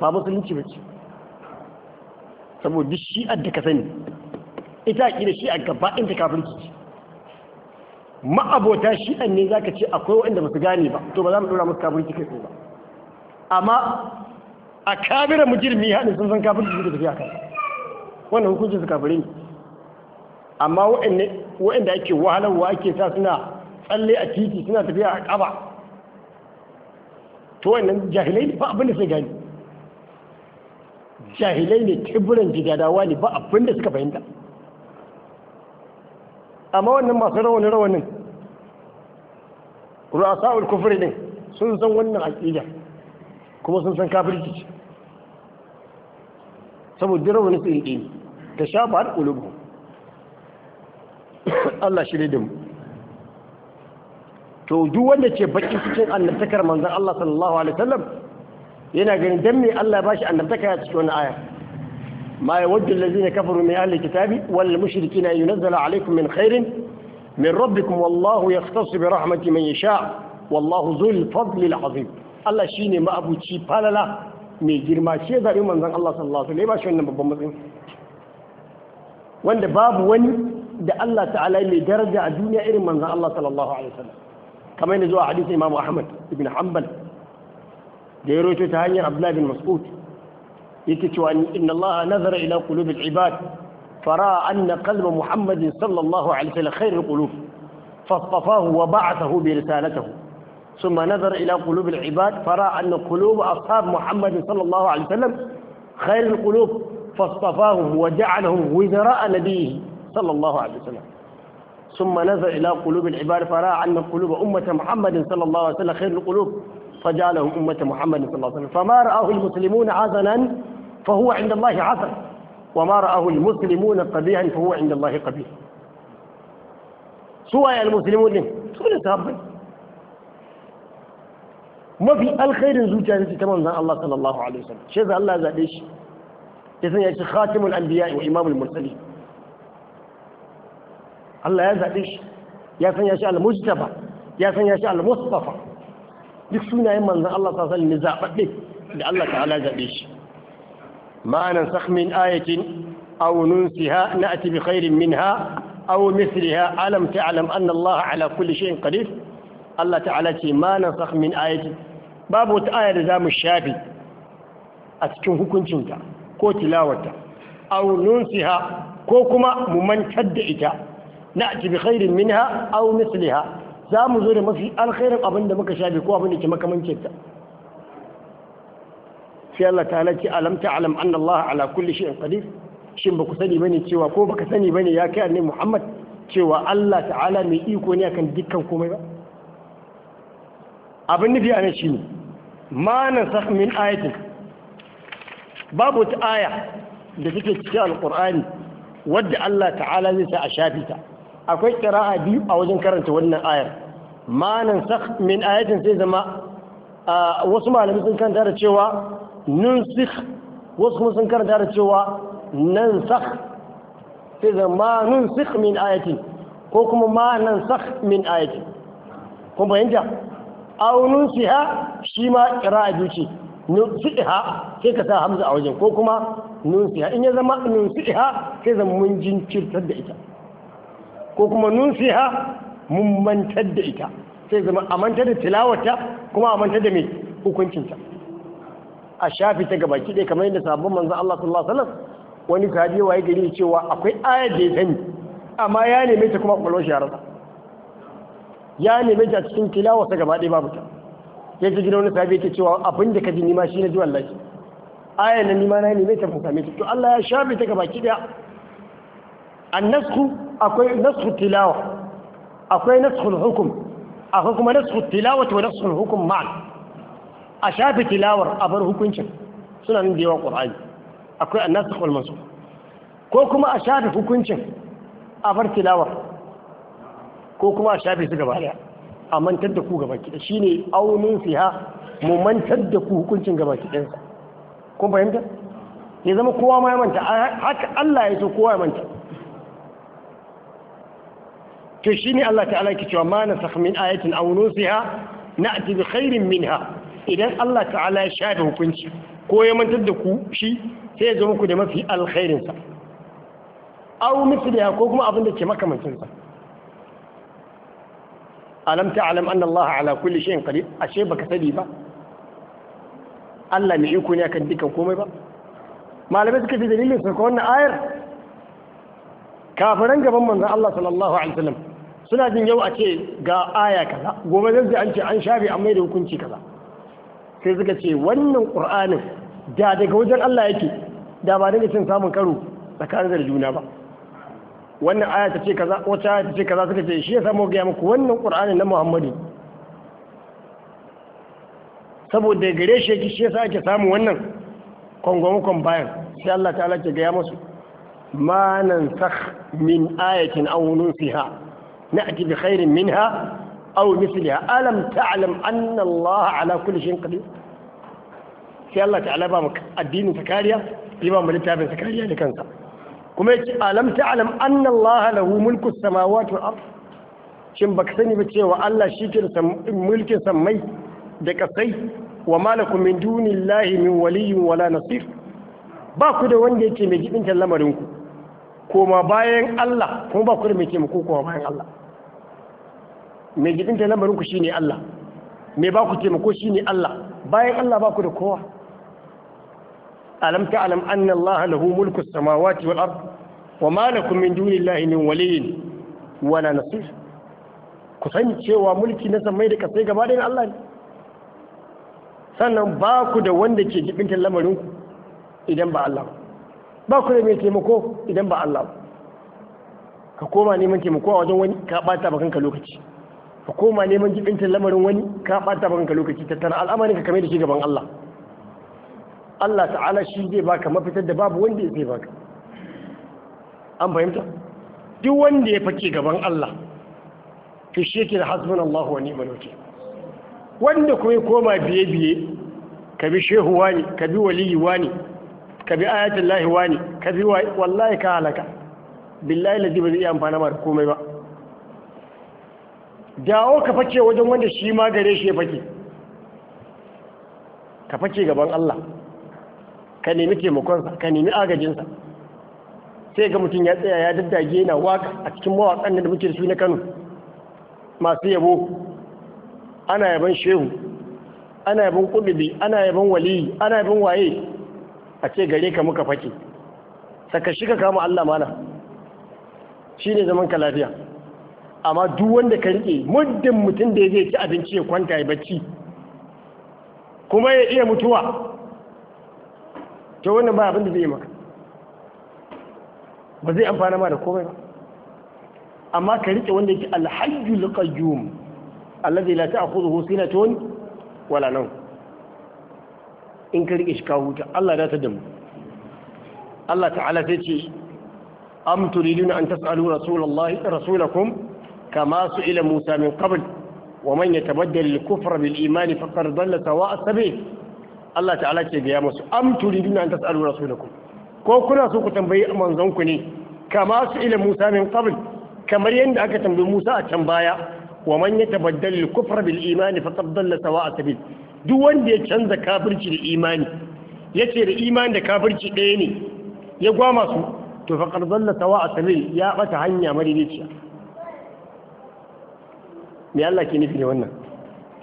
ba musulunci ba ce saboda shi'ar da ka sani ita a ƙira shi'ar gaba inda kafin ce ma'abota shi'ar ne za ka ce akwai waɗanda ba su gane ba to ba za mu ɗora musu kafin kai ba amma a kabira mujirmi haɗin sun san kafin da tafiya kai wannan hukuncin su kafire ne amma waɗanda ake wahalarwa ake sa suna tsalle a titi suna tafiya a ƙaba to wannan jahilai ne ba abin da suka gani jahilai ne tiburan jigadawa ne ba abin da suka fahimta amma wannan masu rawanin rawanin ru'asa'ul kufri ne sun san wannan aqida kuma sun san kafirci ce saboda rawanin su yi ta sha ba har Allah shi da mu to duk wanda ce bakin cikin annabtakar manzan Allah sallallahu alaihi wasallam yana ganin dan me Allah ya bashi annabtaka a cikin wannan aya ma yawaddu allazina kafaru min ahli kitabi wal mushrikina yunzala alaikum min khairin min rabbikum wallahu yahtassu bi rahmati man yasha wallahu zul fadli al azim Allah shine ma'abuci falala mai girma shi ya zabi manzan Allah sallallahu alaihi wasallam ya bashi wannan babban matsayin wanda babu wani da Allah ta'ala mai daraja a duniya irin manzan Allah sallallahu alaihi wasallam كما ينزل حديث الإمام أحمد بن حنبل جيروتو تهاني عبد الله بن مسعود يكتو أن إن الله نظر إلى قلوب العباد فرأى أن قلب محمد صلى الله عليه وسلم خير القلوب فاصطفاه وبعثه برسالته ثم نظر إلى قلوب العباد فرأى أن قلوب أصحاب محمد صلى الله عليه وسلم خير القلوب فاصطفاه وجعلهم وزراء نبيه صلى الله عليه وسلم ثم نزل إلى قلوب العباد فرأى أن القلوب أمة محمد صلى الله عليه وسلم خير القلوب فجعلهم أمة محمد صلى الله عليه وسلم فما رآه المسلمون عزنا فهو عند الله عزن وما رآه المسلمون قبيحا فهو عند الله قبيح سواء المسلمون ne su ما في الخير alkhairin zuciya ne ta الله Allah sallallahu alaihi wasallam shi Allah ya zabe shi ya sanya shi khatimul Allah ya zaɓe shi ya sanya shi al-mujtaba ya sanya shi al-mustafa duk sunayen manzan Allah ta sallin ne zaɓaɓɓe da Allah ta'ala zaɓe shi ma'anan sakhmin ayatin aw na na'ti bi khairin minha aw misliha alam ta'lam Allah ala kulli shay'in qadir Allah ta'ala ce maanan sakhmin min ayatin babu wata aya da zamu shafi a cikin hukuncinta ko tilawarta aw nunsiha ko kuma mu mantar da ita na'ti bi khairin minha aw misliha za mu zo da mafi alkhairin abin da muka shafi ko abin da ke makamancin ta sai Allah ta halaki alam ta'lam anna Allah ala kulli shay'in qadir shin ba ku sani bane cewa ko baka sani bane ya kai annabi Muhammad cewa Allah ta'ala mai iko ne akan dukkan komai ba abin nufi a nan shine ma nasakh min ayatin babu ta aya da take cikin alkur'ani wadda Allah ta'ala zai sa a shafi ta akwai kira'a biyu a wajen karanta wannan ayar Manan sakh min ayatin sai zama wasu malamai sun karanta da cewa nunsikh wasu kuma sun karanta da cewa nansakh sai zama nun nunsikh min ayatin ko kuma manan nansakh min ayatin kun fahimta aw nunsiha shi ma kira'a biyu ce nunsiha sai ka sa hamza a wajen ko kuma nunsiha in ya zama nunsiha sai zama mun jinkirtar da ita ko kuma nunsiha mun mantar da ita sai zama a mantar da tilawarta kuma a mantar da mai hukuncinta a shafi ta gabaki ɗaya kamar yadda sabon manzan Allah sallallahu alaihi wasallam wani sahabi waye gari cewa akwai ayar da ya sani amma ya neme ta kuma kwalwar shi rasa ya neme ta cikin tilawarsa gaba ɗaya babu ta ya ji gina wani sabi yake cewa abin da ka ji nima shi na ji wallahi ayar na nima na neme ta kuma same ta to Allah ya shafi ta gabaki ɗaya annasku akwai nasku tilawa akwai naskul hukum akwai kuma nasku tilawa to naskul hukum ma a shafi tilawar a bar hukuncin suna nan da yawa qur'ani akwai annasu wal mansukh ko kuma a shafi hukuncin a bar tilawar ko kuma a shafi su gaba daya a mantar da ku gaba kiɗa shi ne aunin siya mu mantar da ku hukuncin gaba kiɗansa kun fahimta ya zama kowa ma ya manta haka Allah ya so kowa ya manta to ne Allah ta'ala ke cewa ma nasakh min ayatin aw nusiha na'ti bi khairin minha idan Allah ta'ala ya shafe hukunci ko ya mantar da ku shi sai ya zo muku da mafi alkhairin sa aw mithliha ko kuma abin da ke makamancin sa alam ta'lam anna Allah ala kulli shay'in qadir ashe baka sani ba Allah mai iko ne akan dukan komai ba malamai suka fi dalilin su wannan ayar kafiran gaban manzon Allah sallallahu alaihi wasallam suna jin yau a ce ga aya kaza gobe zai an ce an shafi amma da hukunci kaza sai suka ce wannan qur'anin da daga wajen Allah yake da ba daga cin samun karo tsakanin da juna ba wannan aya ta ce kaza wata aya ta ce kaza suka ce shi ya samu gaya muku wannan qur'anin na Muhammadu saboda gare shi yake shi yasa ake samu wannan kongomakon bayan sai Allah ta'ala ke gaya musu ma nan sakh min ayatin aw nunsiha نأتي بخير منها أو مثلها ألم تعلم أن الله على كل شيء قدير sai Allah ta'ala ba mu addinin sa kariya ya ba mu littafin sa kariya da kansa kuma yace alam ta'lam anna Allah lahu mulku samawati wal ard shin baka sani ba cewa Allah shi ke da mulkin samai da kasai wa malakum min dunillahi min waliyyin wala nasir ba ku da wanda yake mai jibintar lamarin ku koma bayan Allah kuma ba ku da mai taimako koma bayan Allah mai gidinta lamarin ku ne Allah mai ba ku taimako ne Allah bayan Allah ba ku da kowa alam ta'lam anna Allah lahu mulku samawati wal ard wa ma lakum min dunillahi min waliyyin wala nasir ku sani cewa mulki na samai da kasai gaba da Allah ne sannan ba ku da wanda ke jibinta lamarin ku idan ba Allah ba ku da mai taimako idan ba Allah ba ka koma neman taimako a wajen wani ka bata bakanka lokaci ka koma neman jibintin lamarin wani ka ɓata banka lokaci tattara al'amarin ka kame da shi gaban Allah Allah ta'ala shi zai baka mafitar da babu wanda ya sai baka an fahimta duk wanda ya fake gaban Allah to shi yake da hasbun Allah wa ni'mal wakil wanda kuma ya koma biye biye ka bi shehu wani ka bi waliyi wani ka bi ayatul lahi wani ka bi wallahi ka halaka billahi ladhi ba zai iya amfana ma komai ba dawo ka fake wajen wanda shi ma gare shi ya fake ka fake gaban Allah ka nemi taimakonsa ka nemi agajinsa sai ga mutum ya tsaya ya daddage na waka a cikin mawakan da muke su na Kano masu yabo ana yaban shehu ana yaban kudubi ana yaban waliyi ana yaban waye a ce gare ka muka fake saka shi ka kama Allah mana shine zaman ka lafiya amma duk wanda ka riƙe, muddin mutum da zai ci abinci ya kwanta ya bacci kuma ya iya mutuwa to wannan ba abin da zai maka ba zai amfana ma da komai ba amma ka riƙe wanda yake alhajjul qayyum alladhi la na sinatun wala nan. in ka riƙe shi ka huta Allah ya ta damu Allah ta'ala sai ce am turiduna an tas'alu rasulullahi rasulakum kama su Musa min qabl wa man yatabaddal al-kufra bil iman faqad dalla sawa'a sabil Allah ta'ala ce ga ya musu am turiduna an tas'alu rasulakum ko kuna so ku tambayi manzon ku ne kama su Musa min qabl kamar yadda aka tambayi Musa a can baya wa man yatabaddal al-kufra bil iman faqad dalla sawa'a sabil duk wanda ya canza kafirci da imani yace da imani da kafirci ɗaya ne ya gwama su to ya ɓata hanya madidiciya me Allah ke nufi da wannan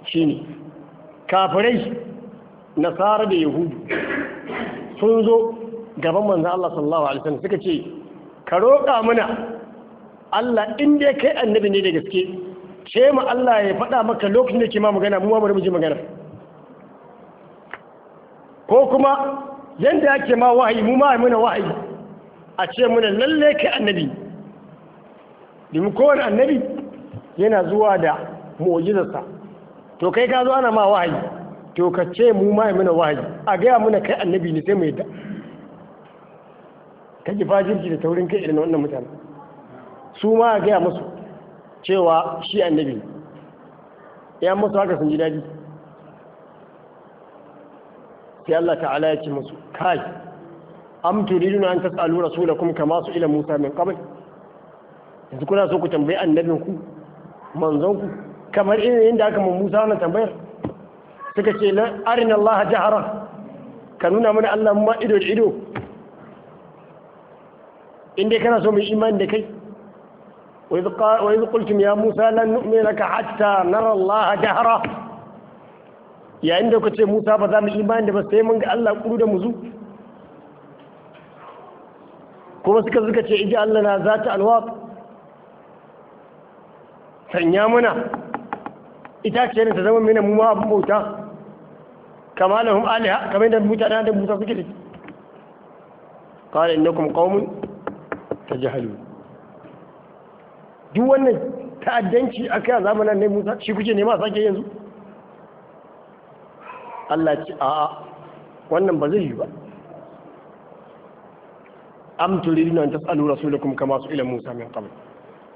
shine kafirai nasara da yahudu sun zo gaban manzon Allah sallallahu alaihi wasallam suka ce ka roƙa mana Allah in dai kai annabi ne da gaske ce mu Allah ya faɗa maka lokacin da ke ma magana mu ma bari mu ji magana ko kuma yanda yake ma wahayi mu ma muna wahayi a ce muna lalle kai annabi domin kowane annabi yana zuwa da mu'jizarsa to kai ka zo ana ma wahayi to ka ce mu ma muna wahayi a gaya muna kai annabi ne sai mu yadda ji fajirki da taurin kai irin wannan mutane su ma a gaya musu cewa shi annabi ne ya musu haka sun ji daji sai Allah ta'ala ya ce musu kai am nuna an tas'alu rasulakum kama su ila Musa min qabl yanzu kuna so ku tambayi annabinku manzonku kamar irin yadda aka mun Musa wannan tambayar suka ce la arina Allah jahara ka nuna mana Allah ma ido da ido inda dai kana so mu imani da kai wa idh qultum ya Musa lan nu'mina ka hatta nara Allah jahara yayin da kuka ce Musa ba za mu imani da ba sai mun ga Allah kuru da muzu kuma suka suka ce ija Allah na zata alwaq sanya muna ce ta zama mina mu ma abin bauta kama lahum aliha kamar da mutane da musa suke da shi qala innakum qaumun tajhalun duk wannan ta'addanci akai a zamanin ne musa shi kuke nema sake yanzu Allah ce a'a wannan ba zai yi ba am turidun an tas'alu rasulakum kama su ila musa min qabl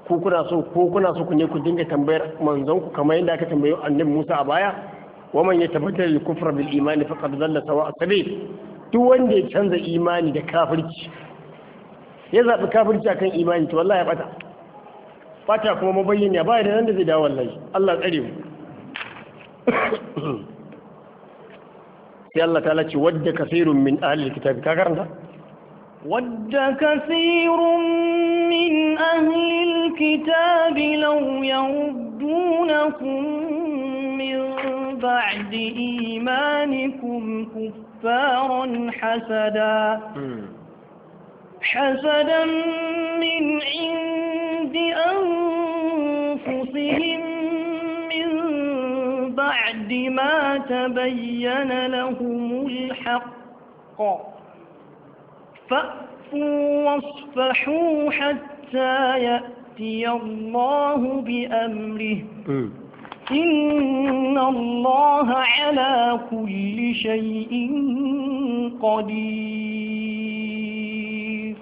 ko kuna so ko kuna so ku ne ku dinga tambayar manzon ku kamar yadda aka tambayi annabi Musa a baya wa man yatabaddal al-kufra bil imani faqad dhalla sawa'a sabil duk wanda ya canza imani da kafirci ya zabi kafirci akan imani to wallahi ya bata bata kuma mabayyana ba da nan da zai dawo wallahi Allah tsare mu sai Allah ta ce wadda kasirun min ahli kitabi ka karanta wadda kasirun min ahli الكتاب لو يردونكم من بعد إيمانكم كفارا حسدا حسدا من عند أنفسهم من بعد ما تبين لهم الحق فأفوا واصفحوا حتى يأتوا يأتي الله بأمره إن الله على كل شيء قدير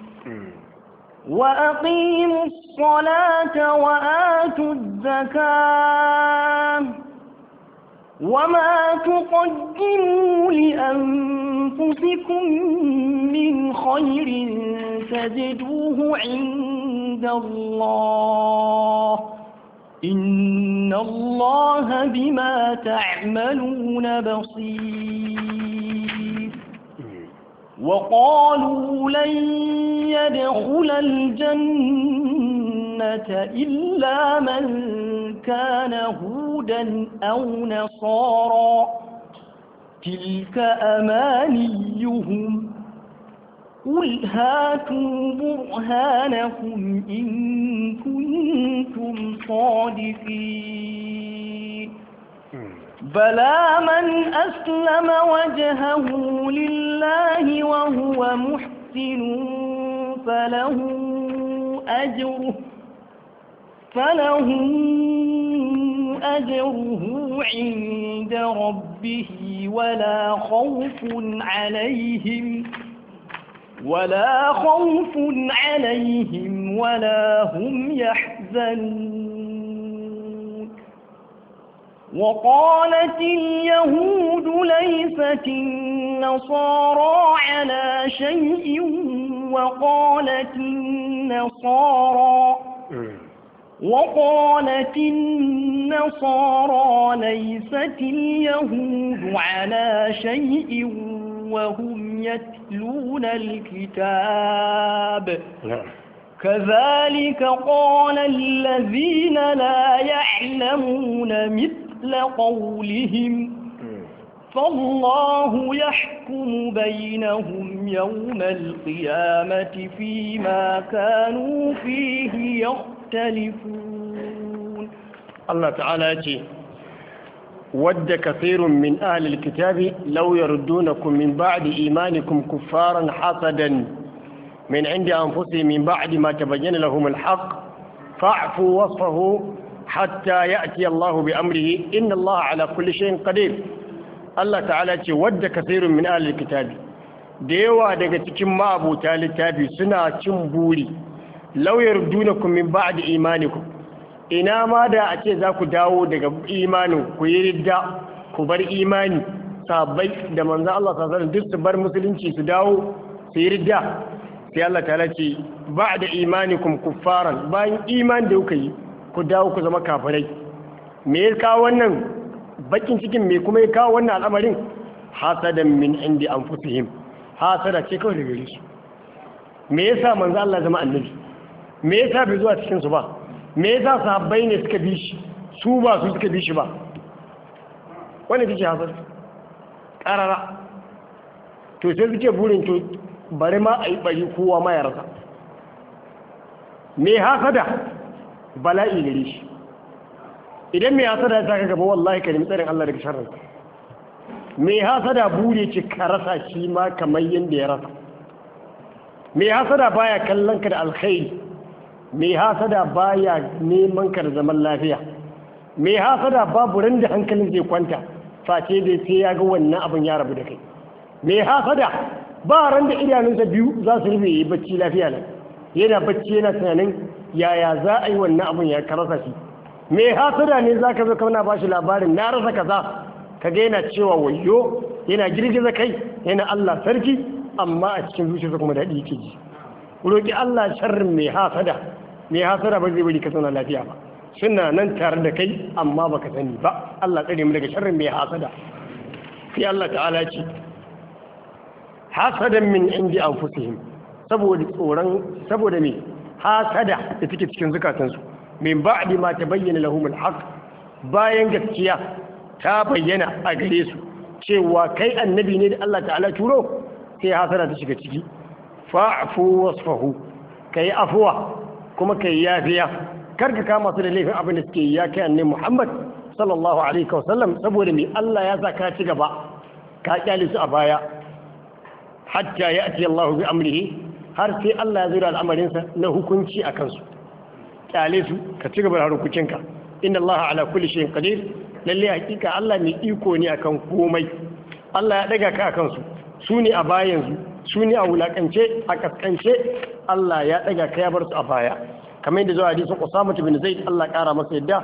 وأقيموا الصلاة وآتوا الزكاة وما تقدموا لأنفسكم من خير تجدوه عند عند الله إن الله بما تعملون بصير وقالوا لن يدخل الجنة إلا من كان هودا أو نصارا تلك أمانيهم قل هاتوا برهانكم إن كنتم صادقين بلى من أسلم وجهه لله وهو محسن فله أجره فله أجره عند ربه ولا خوف عليهم ولا خوف عليهم ولا هم يحزنون وقالت اليهود ليست النصارى على شيء وقالت النصارى وقالت النصارى ليست اليهود على شيء وهم يتلون الكتاب نعم. كذلك قال الذين لا يعلمون مثل قولهم فالله يحكم بينهم يوم القيامة فيما كانوا فيه يختلفون الله تعالى يقول wadda kasirun min ahalil kitabi lauyar dunakun min ba'adi imanikun kufaran hasadan min inda an fusi min ba'adi mata bayyana lahumul haq fa'afu hatta ya Allahu bi amrihi inna Allah ala kulli shayin qadir Allah ta'ala ce wadda kasirun min ahalil kitabi da yawa daga cikin ma'abuta littafi suna cin buri lauyar dunakun min ba'adi imanikun ina ma da a ce za ku dawo daga imanin ku yi ridda ku bar imani sabai da manzo Allah sallallahu alaihi duk su bar musulunci su dawo su yi ridda sai Allah ta ce ba'da imanikum kuffaran bayan iman da kuka yi ku dawo ku zama kafirai me ya kawo wannan bakin cikin me kuma ya kawo wannan al'amarin hasadan min indi anfusihim hasada ce kawai daga gare su me yasa manzo Allah zama annabi me yasa bai zuwa cikin su ba me yasa sahabbai ne suka bi shi su ba su suka bi shi ba wani kike hasar karara to sai suke burin to bari ma a yi bari kowa ma ya rasa me hasada bala'i gare shi idan me hasada ya saka gaba wallahi ka nemi tsarin Allah daga sharrinka me hasada bure ce ka rasa shi ma kamar yadda ya rasa me hasada baya kallon ka da alkhairi mai hasada ya neman ka zaman lafiya mai hasada babu ran da hankalin zai kwanta face da sai ya ga wannan abin ya rabu da kai mai hasada ba ran da idanunsa biyu za su rufe yi bacci lafiya nan yana bacci yana tunanin yaya za a yi wannan abin ya karasa shi mai hasada ne za ka zo kana ba shi labarin na rasa kaza ka ga yana cewa wayo yana girgiza kai yana Allah sarki amma a cikin zuciyarsa kuma daɗi yake ji roƙi Allah sharrin mai hasada mai hasara ba zai bari ka zauna lafiya ba suna nan tare da kai amma baka sani ba Allah tsare mu daga sharrin mai hasada sai Allah ta'ala ce hasadan min indi anfusihim saboda tsoron saboda me hasada da take cikin zukatansu min ba'di ma tabayyana lahumul haqq bayan gaskiya ta bayyana a gare su cewa kai annabi ne da Allah ta'ala turo sai hasada ta shiga ciki fa'fu wasfahu kai afwa kuma kai yafiya kar ka kama su da laifin abin da suke ya kai annabi Muhammad sallallahu alaihi wasallam saboda mai Allah ya sa ka ci gaba ka kyale su a baya hatta ya'ti allahu bi amrihi har sai Allah ya zura al'amarinsa na hukunci a kansu kyale su ka ci gaba da harkokinka inna Allah ala kulli shay'in qadir lalle hakika Allah mai iko ne akan komai Allah ya daga ka akan su su ne a bayansu su ne a wulakance a kaskance Allah ya daga ka ya bar su a baya kamar yadda zuwa hadisin Usama bin Zaid Allah ƙara masa yadda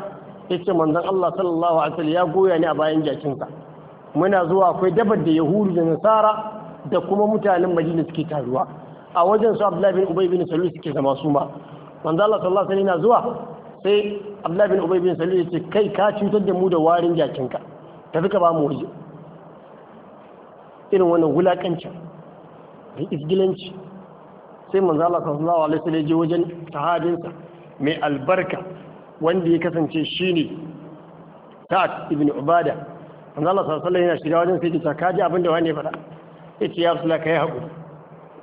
yace manzon Allah sallallahu alaihi wasallam ya goya ni a bayan jakinsa muna zuwa akwai dabar da Yahudu da Nasara da kuma mutanen Madina suke taruwa a wajen su Abdullah bin Ubay bin Salul suke zama su ma manzon Allah sallallahu alaihi wasallam yana zuwa sai Abdullah bin Ubay bin Salul yace kai ka cutar da mu da warin jakinka tafi ka ba mu waje irin wannan wulakancin da isgilanci sai Manzala Allah sallallahu alaihi wasallam ya wajen sahabinsa mai albarka wanda ya kasance shine Sa'ad ibn Ubada Manzala Allah sallallahu yana shiga wajen sai ya ce ka ji abin da wani ya faɗa yace ya Rasulullah kai haƙuri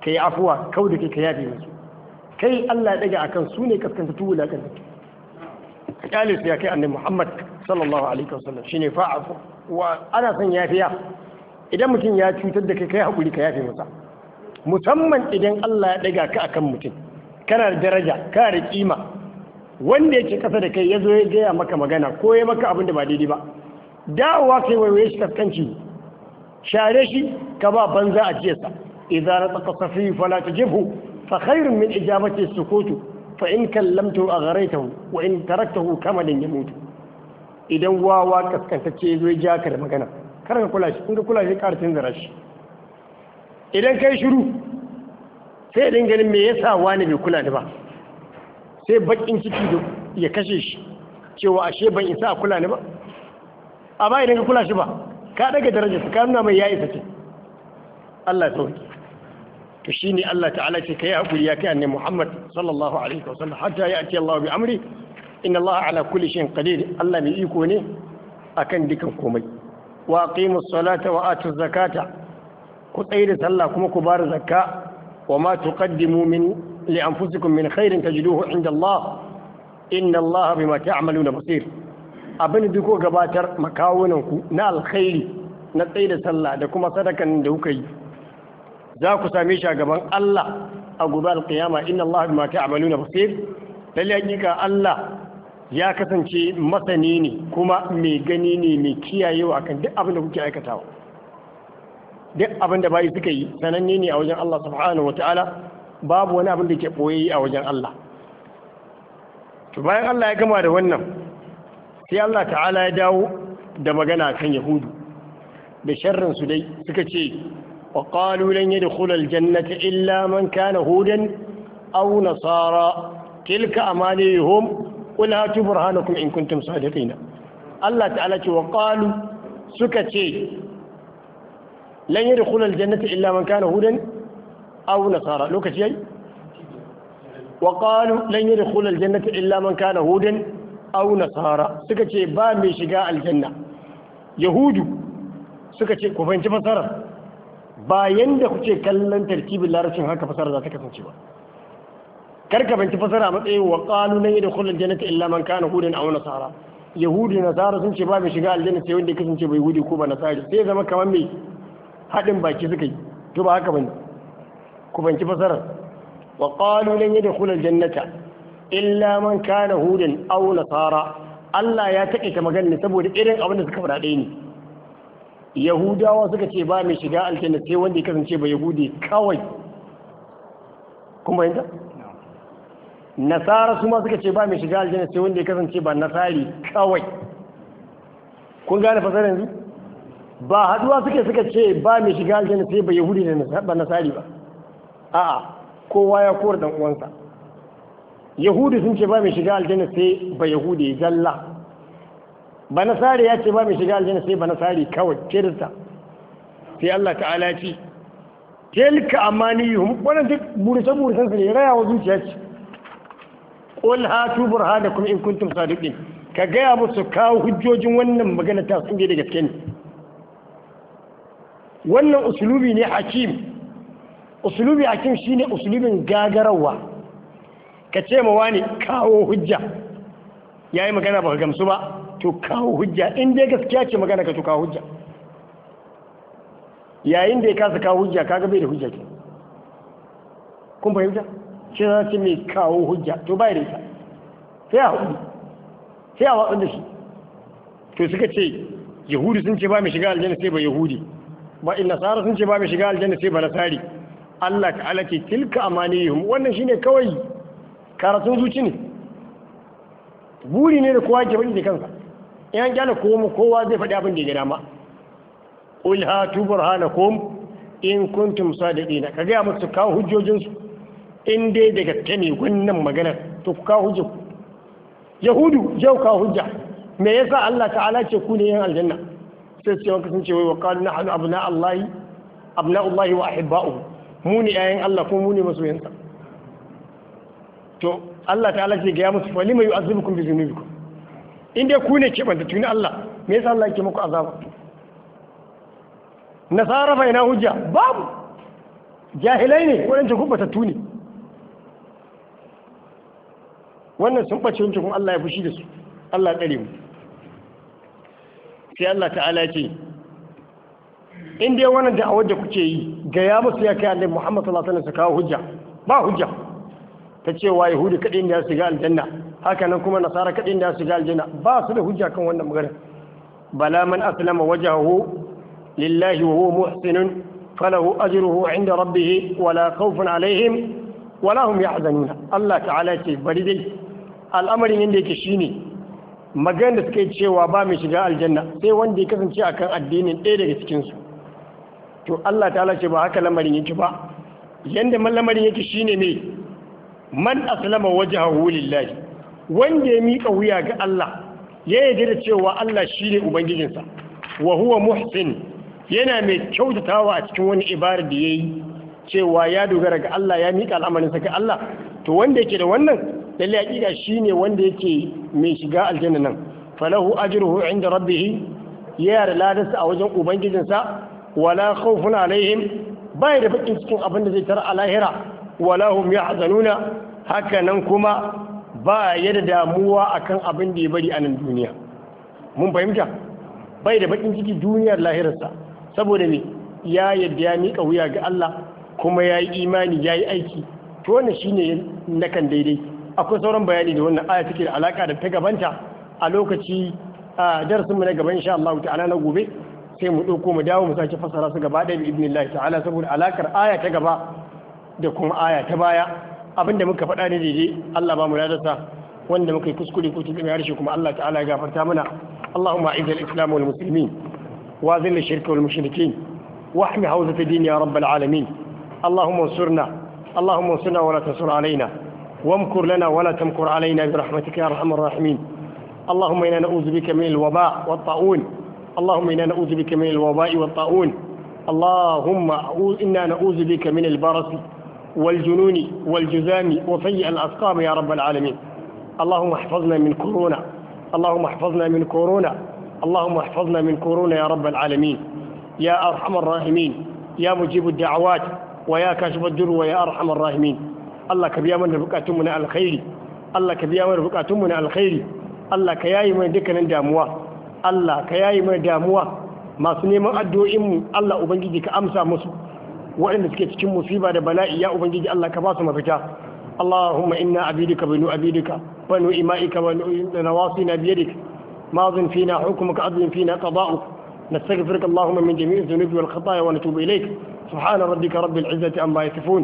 kai afuwa kawai da kai ka yafe musu kai Allah ya daga akan su ne kaskanta tu wulakan ka kyale ya kai annabi Muhammad sallallahu alaihi wasallam shine fa'afu wa ana son yafiya idan mutum ya cutar da kai kai haƙuri ka yafi masa musamman idan Allah ya ɗaga ka akan mutum kana da daraja kana da kima wanda yake kasa da kai ya zo ya gaya maka magana ko ya maka abin da ba daidai ba dawowa kai wai shi kaskanci share shi ka ba banza a jiyarsa idan na tsaka safi fala ta jefu. fa khairun min ijabati sukutu fa in kallamtu agharaytahu wa in taraktahu kamalin yamutu idan wawa kaskantacce ya zo ya ja ka da magana kar ka kula shi kun ka kula shi ƙarfin zarashi idan kai shiru sai ɗin ganin me yasa wani bai kula da ba sai bakin ciki da ya kashe shi cewa ashe ban isa a kula ni ba a ba idan ka kula shi ba ka daga daraja ka nuna mai ya isa ce Allah ya sauke to shi ne Allah ta'ala ce ka yi hakuri ya kai annabi Muhammad sallallahu alaihi wa sallam. hatta ya ati Allah bi amri inna Allah ala kulli shay'in qadir Allah mai iko ne akan dukan komai wa aqimus salata wa atuz zakata ku tsaye sallah kuma ku bar zakka wa ma tuqaddimu min li anfusikum min khairin tajiduhu inda Allah inna Allah bima ta'maluna basir abin da gabatar makawunan ku na alkhairi na tsaye sallah da kuma sadakan da kuka yi za ku same shi gaban Allah a gobe alkiyama inna Allah bima ta'maluna basir lalle hakika Allah ya kasance masani ne kuma mai gani ne mai kiyayewa kan duk abin da kuke aikatawa duk abin da bayi suka yi sananne ne a wajen Allah subhanahu wataala babu wani abin da ke ɓoye a wajen Allah to bayan Allah ya gama da wannan sai Allah ta'ala ya dawo da magana kan yahudu da sharrin su dai suka ce wa qalu lan yadkhula aljannata illa man kana hudan aw nasara tilka amanihum qul hatu burhanakum in kuntum sadiqin Allah ta'ala ce wa qalu suka ce lan yadkhul aljannata illa man kana hudan aw nasara lokaci yayi wa lan yadkhul aljannata illa man kana hudan aw nasara suka ce ba mai shiga aljanna yahudu suka ce ku fahimci fasarar ba yanda kuke kallon tarkibin larabcin haka fasara za ta kasance ba karka banci fasara a matsayin wa qalu lan yadkhul aljannata illa man kana hudan aw nasara yahudu nasara sun ce ba mai shiga aljanna sai wanda ya kasance bai yahudi ko ba nasara sai zama kamar mai haɗin baki suka yi to ba haka bane ku banki fasarar wa qalu lan yadkhulul jannata illa man kana hudan aw nasara Allah ya ta magana saboda irin abin da suka fara ɗaya ne Yahudawa suka ce ba mai shiga aljanna sai wanda ya kasance ba Yahudi kawai kuma yanda Nasara su ma suka ce ba mai shiga aljanna sai wanda ya kasance ba Nasari kawai kun gane fasarar yanzu ba haduwa suke suka ce ba mai shiga aljanna sai ba yahudi da ba nasari ba a'a kowa ya kora dan uwansa yahudi sun ce ba mai shiga aljanna sai ba yahudi zalla ba nasari ya ce ba mai shiga aljanna sai ba nasari kawai kirista sai Allah ta'ala ce tilka amaniyuhum wannan duk burisan burisan su ne wa zuciya ce qul hatu burhanakum in kuntum sadiqin ka gaya musu kawo hujjojin wannan magana ta sun da gaske ne wannan usulubi ne hakim usulubi hakim ne usulubin gagarawa ka ce ma wani kawo hujja ya yi magana ka gamsu ba to kawo hujja in dai gaskiya ce magana ka to kawo hujja yayin da ya kasa kawo hujja ka gabe da hujja ke kun fahimta shi za ce mai kawo hujja to bai da ita sai a hudu sai a watsar da shi to suka ce yahudi sun ce ba mai shiga aljanna sai ba yahudi ba in nasara sun ce ba mai shiga aljanna sai ba nasari Allah ka alake tilka amaniyuhum wannan shine kawai karatun zuci ne buri ne da kowa ke faɗi da kansa yan kyala kowa kowa zai faɗi abin da ya ga dama qul hatu burhanakum in kuntum sadiqina ka ga musu kawo hujjojinsu in dai da gaske ne wannan maganar to ku kawo hujjo. yahudu jau kawo hujja me yasa Allah ta'ala ce ku ne yan aljanna sai cewa kasan cewa ce wai wa na hannu abu na abu wa ahibba'u mu ne ‘ya'yan Allah ko mu ne masoyinsa to Allah ta ala ga gaya musu fali mai azubukum bi zunubikum in dai ku ne ke banta tuni Allah me yasa Allah yake muku azaba nasara fa ina hujja babu jahilai ne wadanda ku bata tuni wannan sun bace wancan Allah ya fushi da su Allah ya tsare mu sai Allah ta'ala ce in dai wannan awar da kuke yi ga ya musu ya kai annabi Muhammad sallallahu alaihi wasallam su kawo hujja ba hujja ta cewa yahudi kadai ne su ga aljanna haka nan kuma nasara kadai ne su ga aljanna ba su da hujja kan wannan magana bala man aslama wajhahu lillahi wa huwa muhsinun falahu ajruhu inda rabbih wala khawfun alaihim wala hum yahzanun Allah ta'ala ce bari dai al'amarin yanda yake shine magana da suka yi cewa ba mai shiga aljanna sai wanda ya kasance a kan addinin ɗaya daga cikinsu to Allah ta ce ba haka lamarin yake ba yanda man lamarin yake shine ne man aslama wajhahu lillahi wanda ya mika wuya ga Allah ya yi jira cewa Allah shine ubangijinsa wa huwa muhsin yana mai kyautatawa a cikin wani ibada da ya yi cewa ya dogara ga Allah ya miƙa al'amarin ga Allah to wanda yake da wannan lalle hakika shine wanda yake mai shiga aljanna nan falahu ajruhu inda rabbih ya da ladansa a wajen ubangijinsa wala khawfun alaihim bai da bakin cikin abin da zai tara a lahira wala hum yahzanuna haka nan kuma ba ya da damuwa akan abin da ya bari a nan duniya mun fahimta bai da bakin ciki duniyar lahirarsa saboda me ya yadda ya mika wuya ga Allah kuma ya yi imani ya yi aiki to wannan shine nakan daidai akwai sauran bayani da wannan aya take da alaka da ta gabanta a lokaci a darasin mu na gaba insha Allah ta'ala na gobe sai mu dauko mu dawo mu sake fassara su gaba da ibnillahi ta'ala saboda alakar aya ta gaba da kuma aya ta baya abinda muka faɗa ne daidai Allah ba mu ladarsa wanda muka yi kuskure ko ya harshe kuma Allah ta'ala ya gafarta mana اللهم أعز الإسلام والمسلمين وأذل الشرك والمشركين واحمي حوزة الدين يا رب العالمين اللهم انصرنا اللهم انصرنا ولا تنصر علينا وامكر لنا ولا تمكر علينا برحمتك يا أرحم الراحمين اللهم إنا نعوذ بك من الوباء والطاعون اللهم إنا نعوذ بك من الوباء والطاعون اللهم إنا نعوذ بك من البرص والجنون والجزام وسيء الأسقام يا رب العالمين اللهم احفظنا من كورونا اللهم احفظنا من كورونا اللهم احفظنا من كورونا يا رب العالمين يا أرحم الراحمين يا مجيب الدعوات ويا كاشف الدر ويا أرحم الراحمين Allah ka biya mana bukatunmu na alkhairi Allah ka biya mana bukatunmu na alkhairi Allah ka yayi mana dukkanin damuwa Allah ka yayi mana damuwa masu neman addu'o'inmu Allah ubangiji ka amsa musu waɗanda suke cikin musiba da bala'i ya ubangiji Allah ka ba su mafita اللهم إنا عبيدك بنو عبيدك بنو إمائك ونواصينا بيدك ماض فينا حكمك عدل فينا قضاؤك نستغفرك اللهم من جميع الذنوب والخطايا ونتوب إليك سبحان ربك رب العزة عما يصفون